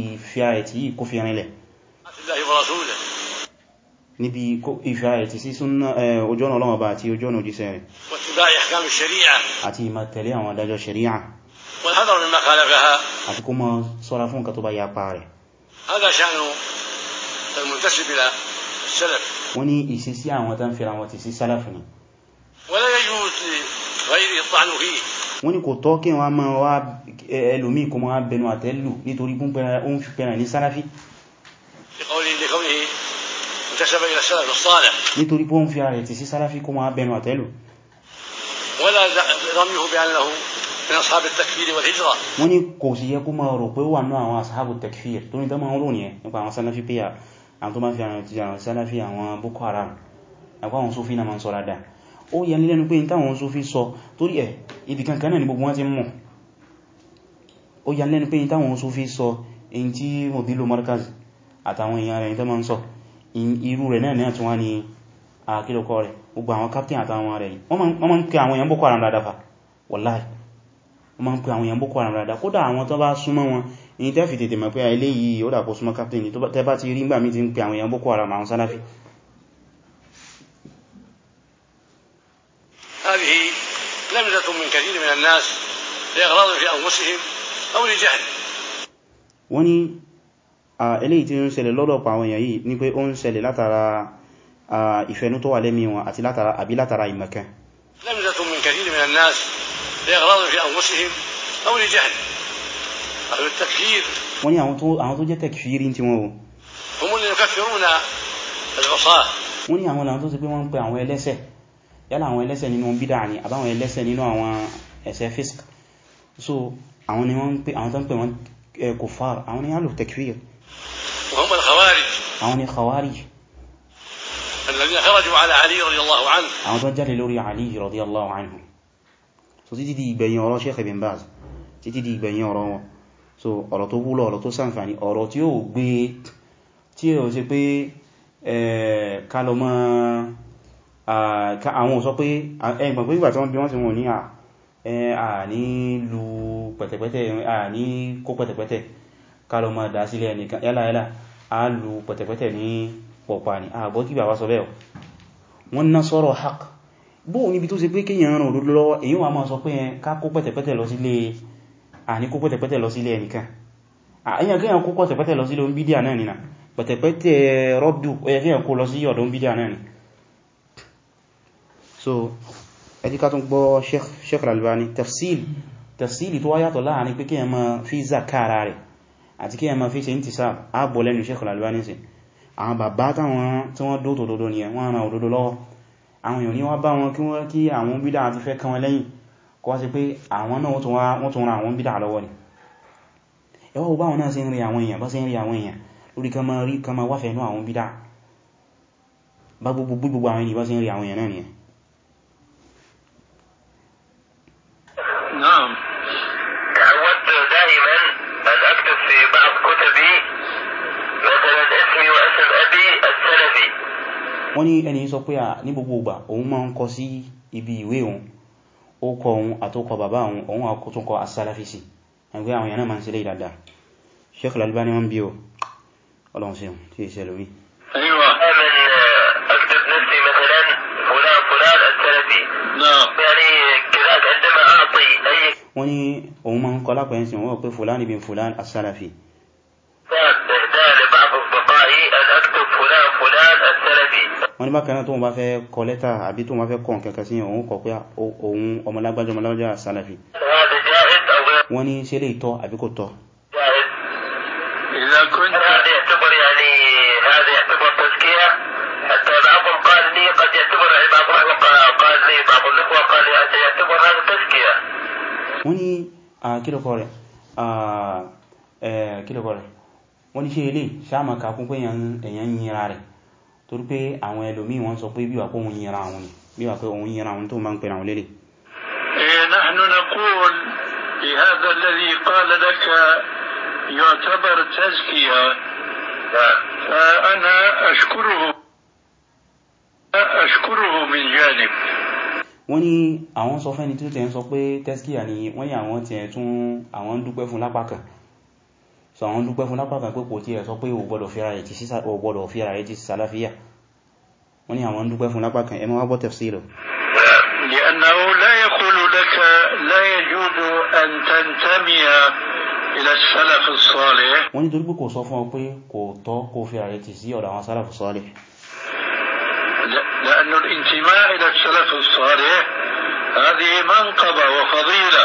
[SPEAKER 1] ìfẹ́ra ẹ̀tì yìí kó fi rinlẹ̀ níbi ìfẹ́ra ẹ̀tì sí ojú ọ̀nà àti ojú ọ̀nà rẹ̀ àti ìmọ̀ tẹ̀lé àwọn adájọ́ sharia àti kó mọ́ sọ́ra fún nǹkan tó bá rẹ̀
[SPEAKER 4] هذا شأنه المنتسب إلى السلف
[SPEAKER 1] wọ́n ní ìṣesí àwọn tán fira wọn ti sí sálàfù ni wọ́n ní kò tọ́ kí wọ́n máa wá ẹlòmí kò máa bẹnu àtẹ́lù nítorí gún oún fi pẹ̀rẹ̀ ní sálàfí nítorí pé oún fi ààrẹ̀ ti sí sálàfí kò máa bẹnu àtẹ́lù wọ́n ní kò sí yẹ kó máa rò pé wà náà àwọn asáàbù takfir tó ní dámà àwọn tó máa fi àwọn ti àwọn sálàfí àwọn boko haram àpá àwọn sófí náà ma ń sọ rádá ó yẹ ní pé ní táwọn sófí sọ torí ẹ̀ ibi kankan náà ni gbogbo wọn ti mọ̀ ó yẹ lẹ́nu pé ní táwọn sófí sọ èyí tí mobilo markaz àtàwọn èèyàn rẹ̀ ni àti wọ́n ni àkílòkọ rẹ̀ captain àtàwọn rẹ̀ wọ́n ma ń pè àwọn èèyàn boko haram dáadáa fa wàláì wọ́n ma ń ní tẹ́fì tètè mọ̀ pé ilé yìí ó dàpọ̀ súnmọ́ captain tó tẹ́ bá ti rí ngbà mí ti ń pè àwọn èèyàn boko haram àwọn sálàfí wọ́n ní eléyìí tí ó ń ṣẹlẹ̀ lọ́dọ̀pọ̀ àwọn èèyàn yìí ní pé ó ń ṣẹlẹ̀ látara ìfẹ́nú tó wà lẹ́mí wọn àti látara
[SPEAKER 4] ìmọ̀kẹ́
[SPEAKER 1] wọ́n ní àwọn tó jẹ́ tẹ̀kfírí tí wọ́n o wọ́n ní àwọn làwọn tó sì pé wọ́n ń pè àwọn ẹlẹ́sẹ̀ yálà àwọn ẹlẹ́sẹ̀ nínú bídà ní àbáwọn ẹlẹ́sẹ̀ nínú àwọn ẹ̀sẹ̀ fisk so àwọn ni wọ́n ń pè àwọn tó ń pè wọ́n eh, kòfàr àwọn ni hálò tẹ̀kfír
[SPEAKER 4] àwọn
[SPEAKER 1] ni khawarij àwọn tó jáde lórí Ali radiyallahu anhu so títí di ìgbẹ̀yìn ọ̀rọ̀ Sheikh Ibn Baz títí di ìgbẹ̀yìn ọ̀rọ̀ wọn so ọ̀rọ̀ tó wúlò ọ̀rọ̀ tó ṣàǹfààní ọ̀rọ̀ tí ó gbé tí ó ṣe pé kálọmọ́ àwọn sọ pé ẹgbọ̀n pé ìgbà tí wọ́n bí wọ́n ti wọ́n ní à ní lu pẹ̀tẹ̀pẹ̀tẹ̀ à ní kó pẹ̀tẹ̀pẹ̀tẹ̀ kálọmọ́ dá sílẹ̀ nìkan yálà yálà a lu pẹ̀tẹ̀pẹ̀tẹ̀ ní pọ̀pá ní àgbọ́ kí bàbá sọ bẹ́ẹ̀ wọ́n ná sọ́rọ̀ haq bóò níbi tó ṣe pé kéèyàn rán àní kó pẹ̀tẹ̀pẹ̀tẹ̀ lọ sílé ẹnìkan àyíyàn kíyàn kó pẹ̀tẹ̀pẹ̀tẹ̀ lọ sílé oníbídíà náà nìna pẹ̀tẹ̀pẹ̀tẹ̀ rọ́bdù ọyẹ kíyàn kó lọ sí ọ̀dọ̀ oníbídíà náà ni so ẹjíká tún gbọ́ Sheikh Al-Albani tafsil tafsili tó wáyàtọ̀ láàrin pé kíyàn ma fi zakara rẹ̀ intisab ààbọ̀ lẹ́nu Sheikh Al-Albani sí àwọn bàbá táwọn tí wọ́n dó tòdodo ni wọ́n ran òdodo lọ́wọ́ àwọn èèyàn ní wọ́n bá kọ́ wá sí pé àwọn náà wọ́n tún ra àwọn bídá lọ́wọ́ ni ẹwà ọgbà wọn náà sí ń rí àwọn èèyàn bá sí ń rí àwọn èèyàn lórí kan máa rí kan máa wáfẹ́ inú àwọn bídá bá gbogbo àwọn ènìyàn bá sí ń rí àwọn èèyàn náà nìyẹn wọ́n ní ẹni sọ pé à ní gbogbo ìgbà òun máa ń kọ sí ibi ìwé òun ó kọ ohun àtókọ bàbá àwọn ohun àkótúnkọ asálàfíìsì ẹgbẹ́ àwọn èèyàn náà ma ń sílẹ̀ ìdàdà Sheikh Al-Albani wọ́n bí o ọlọ́run sí tí ìṣẹ́ eh, eh, lórí wọ́n ní ohun ma ń kọ lápẹ̀ẹ́sìn wọ́n pé fulani bin fulani asálàfíì wọ́n ní bákanáà tóun bá fẹ́ kọ lẹ́tà àbí tóun bá fẹ́ kọ nǹkankan sí òun kọ pé òun ọmọlágbájá ọmọlágbájá sálàfí wọ́n ní ṣe lè tọ́ àbí kò tọ́ wọ́n ní kílọ̀kọ́ rẹ̀ kílọ̀kọ́ rẹ̀ wọ́n ní ṣe ilé sáàmà kàkún pé èyàn yìnra rẹ̀ torí pé àwọn ẹlòmí wọ́n sọ pé bíwà pé òun yẹra àwọn ni bíwà pé òun yẹra àwọn tó máa ń pẹ̀rẹ̀ àwọn lélẹ̀
[SPEAKER 3] نحن نقول لهذا الذي قال لك يعتبر تزكية فأنا أشكره أشكره من جانب
[SPEAKER 1] wọ́n ní àwọn sọ fẹ́ni tó tẹ̀ ń sọ pé tẹ́síkíyà ni wọ́n yà àwọn tẹ̀ tún àwọn dúpẹ́ fún lápá kan so àwọn dúpẹ́ fún lápá kan pé kò tí ẹ̀ sọ pé o fi ara ẹ̀ ti wọ́n ni àwọn dúpẹ́ fún lápá kan ẹ má wá gbọ́
[SPEAKER 3] لأنه لا يقول لك لا يجوز أن تنتمي إلى السلف الصالح
[SPEAKER 1] wọ́n ni torí pé kò sọ fún ọ pé kò tọ́ kó fi ara ẹ̀ sí ọ̀dọ̀ àwọn sálàfù
[SPEAKER 3] لأن الانتماء إلى السلف الصالح هذه منقبة وفضيلة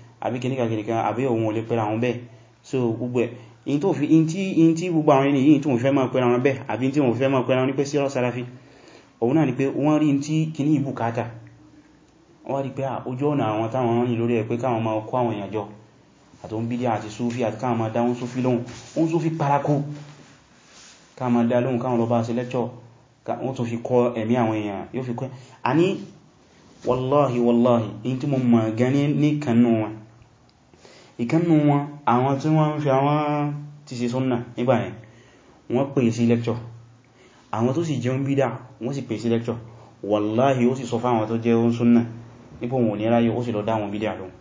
[SPEAKER 1] àbí kìníkà kìníkà àbí òun ò lè pẹ́ra àwọn bẹ́ẹ̀ so gbogbo ẹ̀ in tó fi in tí gbogbo àwọn ènìyàn tó ń fẹ́ máa pẹ́ra wọn bẹ́ẹ̀ àbí tí wọ́n fẹ́ máa pẹ́ra wọn ní pé sí ọ̀rọ̀ òun náà ni pé wọ́n rí tí kìní ìbù káàtà wọ́n rí pé ojú ọ̀nà àwọn táwọn rán ní lórí ẹ̀ pé káwọn máa kó àwọn èèyàn jọ àtòun bídí àti súfí àti káwọn máa dáhùn súfí lóhun oún súfí paraku káwọn máa dá lóhun káwọn lọ bá ṣe lẹ́kṣọ̀ wọ́n tó fi kọ ẹ̀mí àwọn èèyàn yóò fi kọ́ àní wallahi wallahi in tí mo mọ̀ gan ní kanú wọn ìkánnù wọn àwọn tí wọ́n ń fi àwọn ti ṣe súnnà nígbà yẹn wọ́n pè sí lecture àwọn tó sì jẹun bídá wọ́n sì pè sí lecture wàláhì ó sì sọ fáwọn tó jẹ́ oún súnnà nípò wọn ní ráyẹ ó sì lọ dáwọn bídá lóhun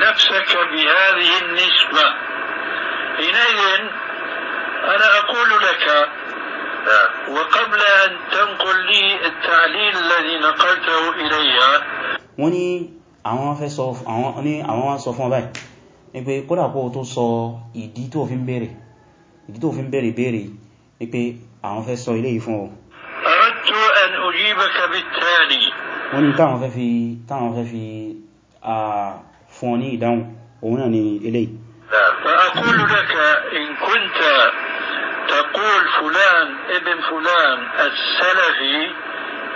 [SPEAKER 3] نفسك بهذه النسبة
[SPEAKER 2] حينئذ أنا أقول لك
[SPEAKER 3] وقبل أن
[SPEAKER 1] wọ́n ní àwọn fẹ́ sọ ní àwọn wá sọ fún ọba ní pé kódà kó tó sọ ìdí tó fi ń bèèrè ìdí tó fi ń bèèrè bèèrè ní pé àwọn fẹ́ sọ ilé yìí fún ọ wọ́n ní táwọn fẹ́ fi táwọn fẹ́ fi fún ọ ní ìdáhùn òun náà ni ilé
[SPEAKER 3] يقول فلان ابن فلان السلفي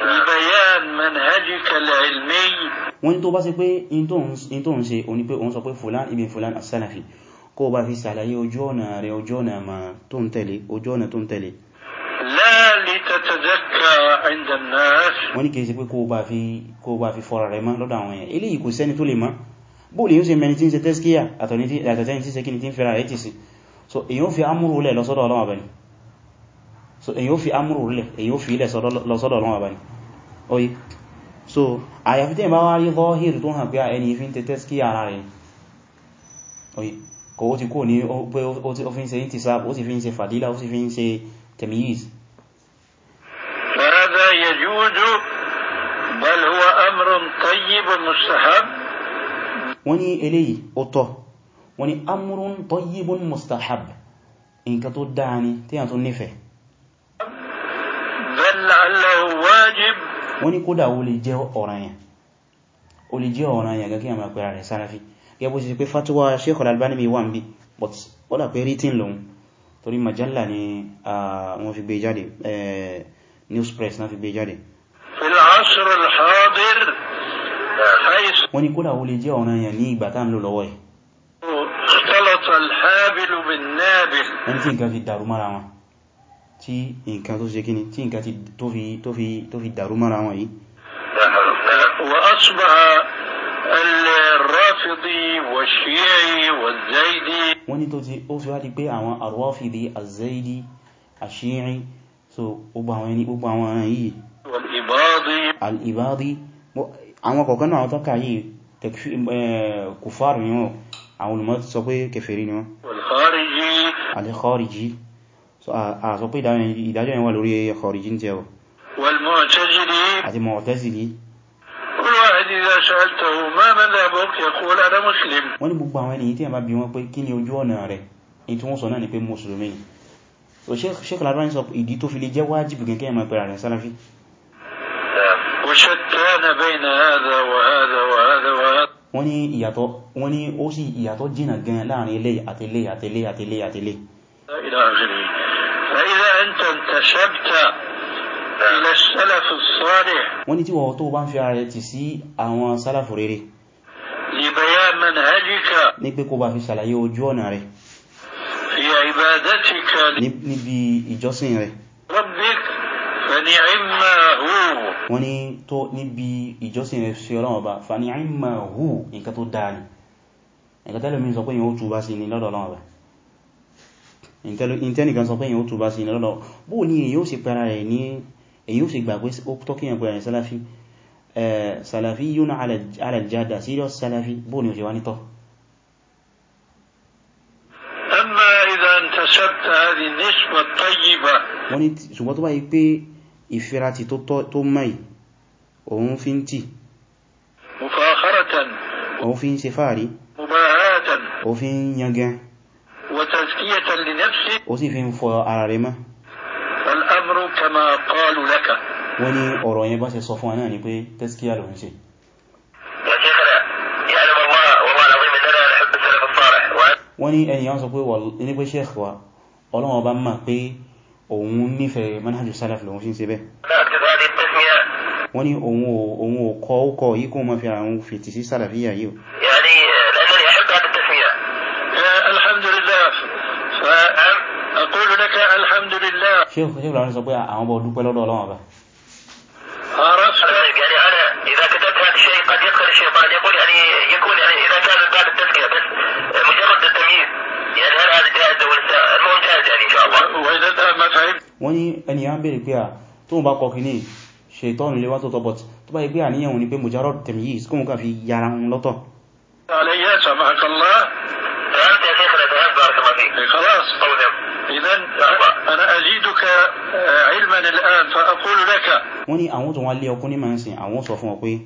[SPEAKER 3] لبيان منهجك العلمي
[SPEAKER 1] wọ́n tó bá ṣe pé in tó ń ṣe o ní pé òun sọ pé fulan ibn fulan as-salafi kó bá fi sàlàyé ojú ọ̀nà rẹ̀ ojú ọ̀nà ma tó ń tẹ̀lé ojú ọ̀nà tó ń tẹ̀lé
[SPEAKER 3] láàrín tàtàdàkà àìdànnáàs
[SPEAKER 1] wọ́n ní kìí ṣe pé kó bá fi fọ́ra rẹ̀ mọ́ lọ́dọ̀ àwọn èèyàn eléyìí kò sẹ́ni tó lè mọ́ bóòlù yóò ṣe mẹni tí ń ṣe tẹ́síkíyà àtọ̀tẹ́ni tí ń ṣe kí ni tí ń fẹ́ra rẹ̀ tì sí so èyàn fi amúrú lẹ̀ lọ́sọ́dọ̀ ọlọ́wọ̀ bẹni so èyàn ó fi amúrù lẹ̀ èyàn ó fi ilẹ̀ lọ́sọ́dọ̀ lọ́wọ́ báyìí oye so àyàfi tẹ́yìn bá wá rí lọ́hìrì tó hàn pé ẹni fi ń tẹ́tẹ́ sí ara rẹ̀ oye kò ó ti kó ní pé ó fi ń intisab ó sì fi ń ṣe fàdílà ó fi ń ṣe
[SPEAKER 3] فهذا يجوز بل هو أمر طيب مستحب
[SPEAKER 1] وني ní eléyìí وني tọ́ طيب مستحب، amúrún tayyibun mustahab nǹkan tó dáa wọ́n ní kódà ó lè jẹ́ ọ̀ranyàn ó lè jẹ́ ọ̀ranyàn gẹ́gẹ́ àmà pẹ̀lá rẹ̀ sáráfí gẹ́gẹ́ bó ṣe pé fatuwa Sheikh Al-Albani mi wà ń bí but ó dà pé written lòun torí majalla ni wọ́n fi gbé jáde news press náà fi gbé jáde wọ́n ní kódà ó lè jẹ́ ọ̀ranyàn ní ìgbà tá lọ́wọ́ ẹ̀ tí nǹkan tó ṣe kíni tí nǹkan tó fi dàrú mara wọn yìí
[SPEAKER 3] wa asbaha al-rafidi wa shi'i wa zaidi
[SPEAKER 1] wọ́n ni tó ti ó fi wá di pé àwọn arwafidi azaidi ashi'i so gbogbo àwọn ẹni gbogbo àwọn yìí yìí eh, àṣọ pé ìdájọ́ yẹn wà lórí kọ̀rìjí ń tẹ́ ọ àti mọ̀tẹ́sìlì wọ́n ní gbogbo àwọn ènìyàn tí a bá bí wọ́n pé kí ni ojú ọ̀nà rẹ̀ ní tí wọ́n sọ náà ni pé mùsùlùmí so Sheikh Al-Albani sọ ìdí tó fi lè jẹ́ wájìbì kẹ́kẹ́ ẹ̀mọ̀ pẹ̀lú àrẹ̀ sálàfí wọ́n ní ìyàtọ̀ jìnà gan láàrin ilé àtẹ́lé àtẹ́lé àtẹ́lé àtẹ́lé
[SPEAKER 3] إلى آخره فإذا أنت انتسبت إلى السلف الصالح
[SPEAKER 1] wọ́n ní tí wọ́n tó bá ń fi ara rẹ̀ tì sí àwọn sálàfù rere
[SPEAKER 3] لبيان منهجك
[SPEAKER 1] ní pé kó bá fi ṣàlàyé ojú ọ̀nà rẹ̀
[SPEAKER 3] في عبادتك níbi ìjọsìn rẹ̀ ربك فنعما هو
[SPEAKER 1] wọ́n ní tó níbi ìjọsìn rẹ̀ sí Ọlọ́run Ọba فنعما هو nǹkan tó dáa ni nǹkan tẹ́lẹ̀ mi sọ pé yíò túbá sí ni lọ́dọ̀ Ọlọ́run Ọba ìtẹ́nìkan sọ pé èyàn ó túbá sí lọ́lọ́ bó ní èyàn ó sì pẹ́ra rẹ̀ ní èyàn ó sì gbà pé ó tọ́kíyàn pẹ́ra rẹ̀ sálàfí sálàfí yúna alàjáda serious sálàfí bó ní òṣèwá nítọ́ wọ́n ni ṣùgbọ́n tó bá yí pé ìfẹ́ratì tó máì òun fi ń tì òun fi ń ṣe fáàrí òun fi ń yangan
[SPEAKER 3] لنفسه
[SPEAKER 1] ó sì fi ń fọ ara rẹ̀ mọ́
[SPEAKER 2] والأمر
[SPEAKER 3] كما قالوا لك
[SPEAKER 1] wọ́n ní ọ̀rọ̀ yẹn bá ṣe sọ fún wa náà ni pé tẹ́síkíyà ló ń ṣe wọ́n ní ẹ̀yàn sọ pé ní pé sheikh wa ọlọ́wọ́ bá mọ̀ pé òun nífẹ̀ẹ́ manhajjú salaf lòun sí ṣe bẹ́ wọ́n ní òun ò kọ́ ó kọ́ yí fi àwọn fètì sí salafiyya yìí ṣe ìlànà sọ pé àwọn bọ̀ dúpẹ́ lọ́dọ̀ ọlọ́wọ̀n bá wọ́n ní ẹni yà ń bèèrè pé à tó ń bá kọkì ní ṣètọ́nù lè wá tó tọ́bọ̀t tó bá ìgbé àníyàn wọn ni pé mujarrad tamyiz kó mú ká fi yára ń lọ́tọ̀
[SPEAKER 3] عليه سبحك الله أنت يا شيخنا تهب بارك الله فيك خلاص قولهم إذا أنا أزيدك علما الآن فأقول لك
[SPEAKER 1] wọ́n ní àwọn tó wá lé ọkún ní máa ń sin àwọn sọ fún ọ pé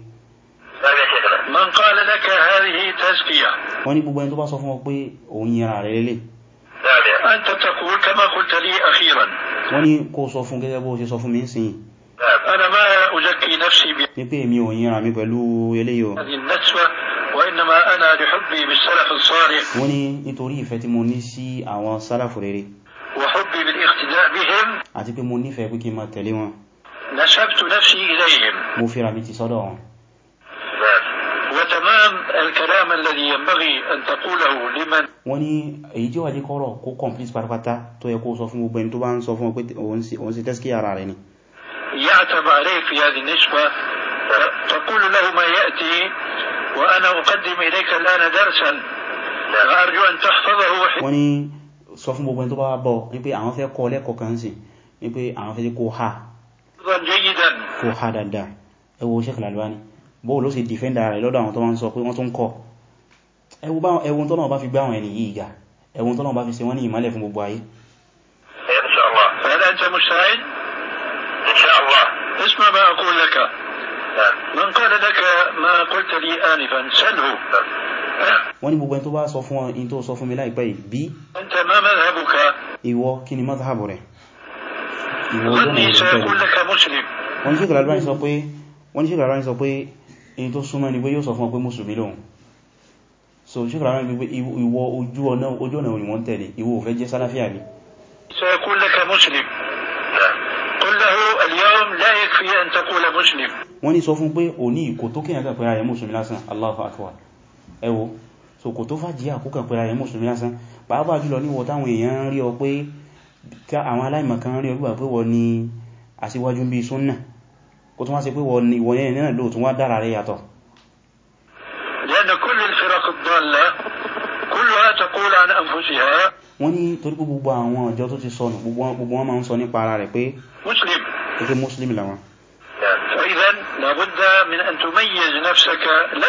[SPEAKER 3] man qala laka hadhihi tazkiya
[SPEAKER 1] wọ́n ní gbogbo ẹni tó bá sọ fún ọ pé òun yẹra rẹ̀ lélẹ̀
[SPEAKER 3] anta taqul kama qulta li akhiran
[SPEAKER 1] wọ́n ní kó sọ fún gẹ́gẹ́ bó ṣe sọ fún mi ń sin
[SPEAKER 3] ana ma uzakki nafsi bi
[SPEAKER 1] ní pé èmi ò yẹra mi pẹ̀lú eléyò wọ́n ní nítorí ìfẹ́ tí mo ní sí àwọn sálàfù rere
[SPEAKER 3] وحبي بالاقتداء بهم
[SPEAKER 1] àti pé mo nífẹ̀ẹ́ pé kí ma tẹ̀lé wọn
[SPEAKER 3] نسبت نفسي إليهم
[SPEAKER 1] mo fi ra mi ti sọ́dọ̀ wọn
[SPEAKER 3] وتمام الكلام الذي ينبغي أن تقوله لمن
[SPEAKER 1] wọ́n ní èyí tí ó wà ní kọ́rọ̀ kó complete pátápátá tó yẹ kó sọ fún gbogbo ẹni tó bá ń sọ fún ọ pé òun sí tẹ́sí ara rẹ̀ ni
[SPEAKER 3] يعتب عليك في هذه النسبة تقول له ما
[SPEAKER 2] يأتي وأنا أقدم إليك الآن درسا وأرجو
[SPEAKER 1] أن تحفظه wọ́n ní sọ fún gbogbo ẹni tó bá bọ́ wípé àwọn fẹ́ kọ́ lẹ́kọ̀ọ́ kan sí wípé àwọn fẹ́ kó ha kó ha dáadáa ẹ wo Sheikh Al-Albani bóò ló sì dìfẹ́ndà rẹ̀ lọ́dọ̀ àwọn tó wọ́n sọ pé wọ́n tún kọ́ ẹwùn tó náà bá fi gbá àwọn ẹni tó náà bá fi ṣe
[SPEAKER 3] ما أقول لك من قال لك ما قلت لي آنفا سنه
[SPEAKER 1] wọ́n ní gbogbo ẹni tó bá sọ fún wọn in tó sọ fún mi láìpẹ́ yìí bí ìwọ kí ni mazhabu rẹ̀ wọ́n ní Sheikh Al-Albani sọ pé èyí tó súnmọ́ ni pé yóò sọ fún ọ pé mùsùlùmí lòun so Sheikh Al-Albani gbogbo ìwọ ojú ọ̀nà òní wọ́n tẹ̀lé ìwọ ò fẹ́ jẹ́ sálàfíà ni wọ́n ní sọ fún pé òní ìkò tó kíyàn gbà pé ààyẹ mùsùlùmí lásán Allahu Akbar ẹwọ so kò tó fàjíyà kúkàn pẹ̀lá rẹ̀ mùsùlùmí lásán pàápàá jùlọ níwọ̀ táwọn èèyàn rí ọ pé àwọn aláìmọ̀kan rí ọgbà pé wọ́n ni aṣíwájú bí súnnà kò tún wá sí pé wọ́n yẹn náà lóòtún wá dára rẹ̀ yàtọ̀ wọ́n ní torí gbogbo àwọn ọjọ́ tó ti sọnù gbogbo wọn máa ń sọ nípa ara rẹ̀ pé muslim làwọn
[SPEAKER 3] من أن تميز نفسك لا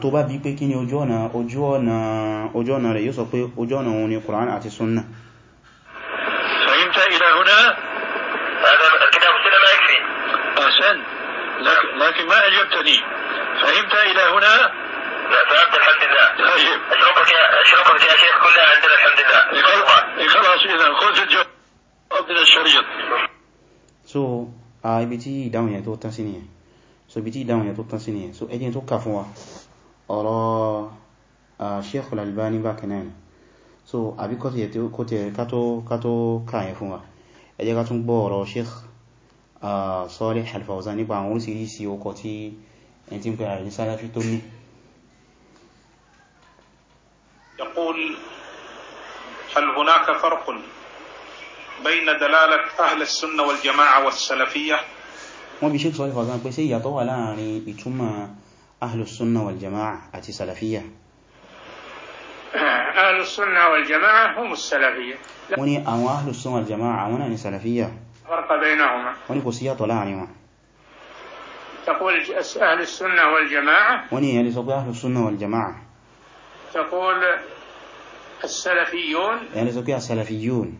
[SPEAKER 1] tó bá bí pé kí ni ojú ọ̀nà ojú ọ̀nà ojú ọ̀nà rẹ̀ yóò sọ pé ojú ọ̀nà òun ni Qur'an àti Sunna
[SPEAKER 3] لكن ما أجبتني فهمت إلى هنا لا فهمت الحمد لله طيب أشرفك يا أشرفك يا شيخ كلها عندنا الحمد لله خلاص إذا خذ الجواب من الشريط
[SPEAKER 1] so ibi tí ìdáhùn yẹn tó tán sí nìyẹn so ibi tí ìdáhùn yẹn tó tán sí nìyẹn so ẹjẹ́ tó kà fún wa ọ̀rọ̀ Sheikh Al-Albani bákan náà so àbí kó tẹ̀ kátó kà yẹn fún wa ẹjẹ́ ká tún gbọ́ ọ̀rọ̀ Sheikh Salih Al-Fawzan nípa àwọn oríṣiríṣi ọkọ̀ tí ẹni tí ń pè ààrẹ ní sáyáfí tó ní
[SPEAKER 5] هل هناك فرق بين دلالة أهل السنة والجماعة والسلفية
[SPEAKER 1] wọ́n bí Shaykh Saalih Al pé sí ìyàtọ̀ wà láàrin ìtumà ahlus sunnah wal àti salafiyya
[SPEAKER 5] ahlus sunnah wal jama'ah
[SPEAKER 1] wọ́n ní àwọn ahlus sunnah àwọn náà ni salafiyya
[SPEAKER 5] wọ́n
[SPEAKER 1] ní kò sí ìyàtọ̀ láàrin wọn
[SPEAKER 5] تقول أهل السنة والجماعة
[SPEAKER 1] وني يعني تقول أهل السنة والجماعة
[SPEAKER 5] تقول السلفيون
[SPEAKER 1] يعني تقول السلفيون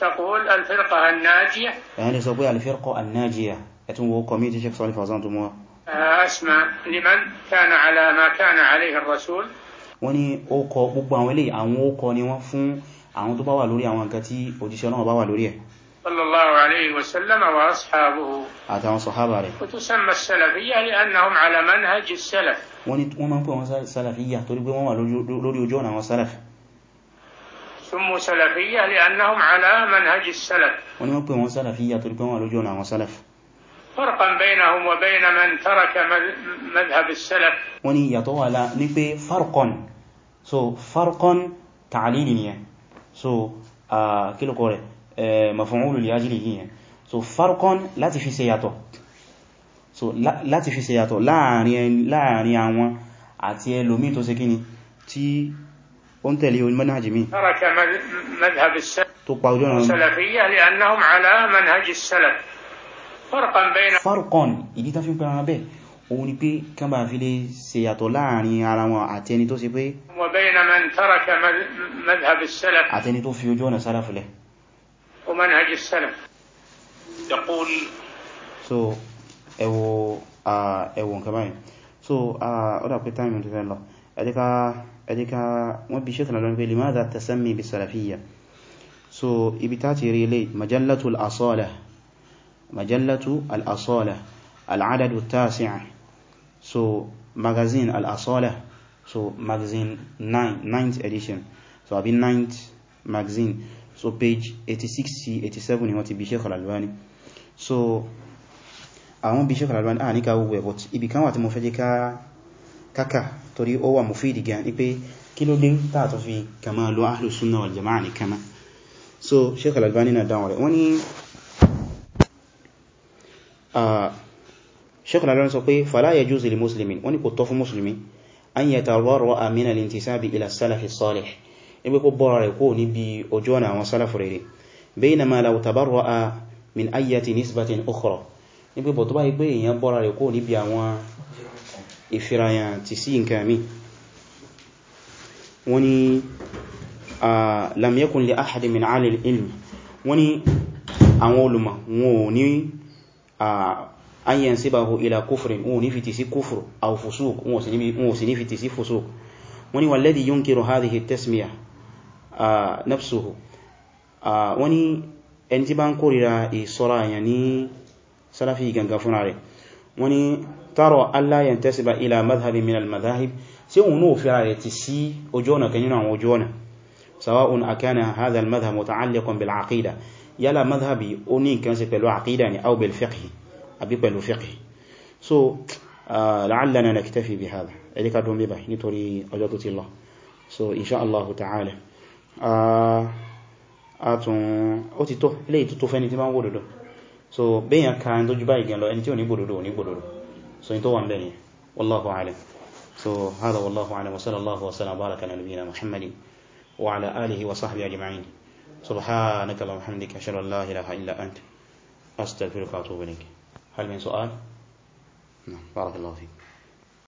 [SPEAKER 5] تقول الفرقة الناجية
[SPEAKER 1] يعني سأقول الفرقة الناجية أتم هو كوميتي شيخ صالح فازان تموا
[SPEAKER 5] أسمع لمن كان على ما كان عليه الرسول
[SPEAKER 1] wọ́n ní ókọ gbogbo àwọn eléyìí àwọn ókọ ni wọ́n fún àwọn tó bá wà lórí àwọn nǹkan tí òjíṣẹ́ Ọlọ́run bá wà lórí ẹ̀
[SPEAKER 5] sallallahu alayhi wa sallam wa ashabuhu
[SPEAKER 1] àtàwọn sọ̀hábà rẹ̀
[SPEAKER 5] tusamma salafiyya li'annahum ala manhaj as-salaf
[SPEAKER 1] wọ́n ní wọ́n máa ń pè wọ́n salafiyya torí pé wọ́n wà lórí ojú ọ̀nà àwọn salaf
[SPEAKER 5] سموا سلفية لأنهم على منهج السلف
[SPEAKER 1] ونمكن هم سلفية تلكم ولجون هم سلف
[SPEAKER 5] فرقا بينهم وبين من ترك مذهب السلف
[SPEAKER 1] وني يطوال نكبي فرقا so farqan ta'lili ni so a kilo ko re maf'ulu li ajlihi so farqan láti fi ṣe yàtọ̀ so láti fi ṣe yàtọ̀ láàrin láàrin àwọn àti ẹlòmí tó ṣe kíni tí ó ń tẹ̀lé manhaj mi tó pa ojú
[SPEAKER 5] ọ̀nà
[SPEAKER 1] farqan ìdí tá fi ń pẹ̀rẹ̀ bẹ́ẹ̀ òun ni pé kán bá fi lè ṣe yàtọ̀ láàrin ara wọn àti ẹni tó ṣe pé àti ẹni tó fi ojú ọ̀nà sára filẹ̀ so ẹwọ ẹwọ nǹkan báyìí so ọ̀dà pé táìmù tó fẹ́ lọ ẹ̀dẹ́ká ẹjíká wọ́n bí ṣékànlá lọ́nà pé limadha tasammi bí salafiyya so ibi tá ti rí ilé majallatu al'asọ́lá majallatu al'asọ́lá al'adadu tasi'a so magazine al'asọ́lá so magazine 9 9th edition so àbí 9th magazine so page 86 sí 87 ni wọ́n ti bí ṣékànlá Albani so àwọn bí ṣékànlá Albani à ní ká gbogbo ẹ̀bọ̀t ibi kan wà tí mo fẹ́ jẹ́ ká kàkà torí ó wà mufidi gan ní pé kí ló dé tààtọ̀ fi kama lo ahlu sunna wal jama'a ní kama so Sheikh Al-Albani na dáwọn rẹ̀ wọ́n ni Sheikh Al-Albani sọ pé fala yajuzu li muslimin wọ́n ni kò tọ́ fún musulmi an yatawarra'a min al-intisabi ila salafi salih ibi kó bọ́ra rẹ̀ kó níbi ojú ọ̀nà àwọn sálàfù rere baynama law tabarra'a min ayyati nisbatin ukhra níbi bọ̀ tó bá yí pé èèyàn bọ́ra rẹ̀ kó níbi àwọn ìfìràyàn ti sí nǹkan mi wọ́n ni a lam yakun li ahadi min ali ilmi wọ́n ni àwọn olùmọ̀ wọn ò ní ayyan síbáhù ila kufrin wọn ò ní fìtì sí kufru aw fusuk wọn ò sì ní fìtì sí fusuk wọ́n ni walladhi yunkiru hadhihi tasmiya nafsuhu wọ́n ni ẹni tí bá ń kórìíra ìsọ́ra àyàn ní sáláfí gangan wọ́n ni tàrọ Allah yantasiba ila madhhabi min al-madhahib sí òun náà fi rẹ̀ ti sí ojú ọ̀nà kan nínú àwọn ojú ọ̀nà sawa'un akana hadha al-madhhab muta'alliqan bil aqida yálà madhhabi ó ní nǹkan sí pẹ̀lú aqida ni aw bil fiqh àbí pẹ̀lú fiqh so la'allana naktafi bi hadha ẹ̀dí ká dún bíbá nítorí ọjọ́ tó ti lọ so insha Allah ta'ala àtún ó ti tó ilé ìtútó fẹ́ni tí máa ń wòdòdó so bẹ́yàn ka ẹni tó jú báyìí gẹn lọ ẹni tí ò ní gbòdòdó ò ní gbòdòdó so in tó wà níbẹ̀ ni wallahu a'lam so hada wallahu a'lam wa sallallahu wa sallam baraka ala nabiyyina muhammadin wa ala alihi wa sahbihi ajma'in subhanaka wa bihamdika ashhadu an la ilaha illa anta astaghfiruka wa atubu ilayk hal min su'al
[SPEAKER 3] نعم بارك الله فيك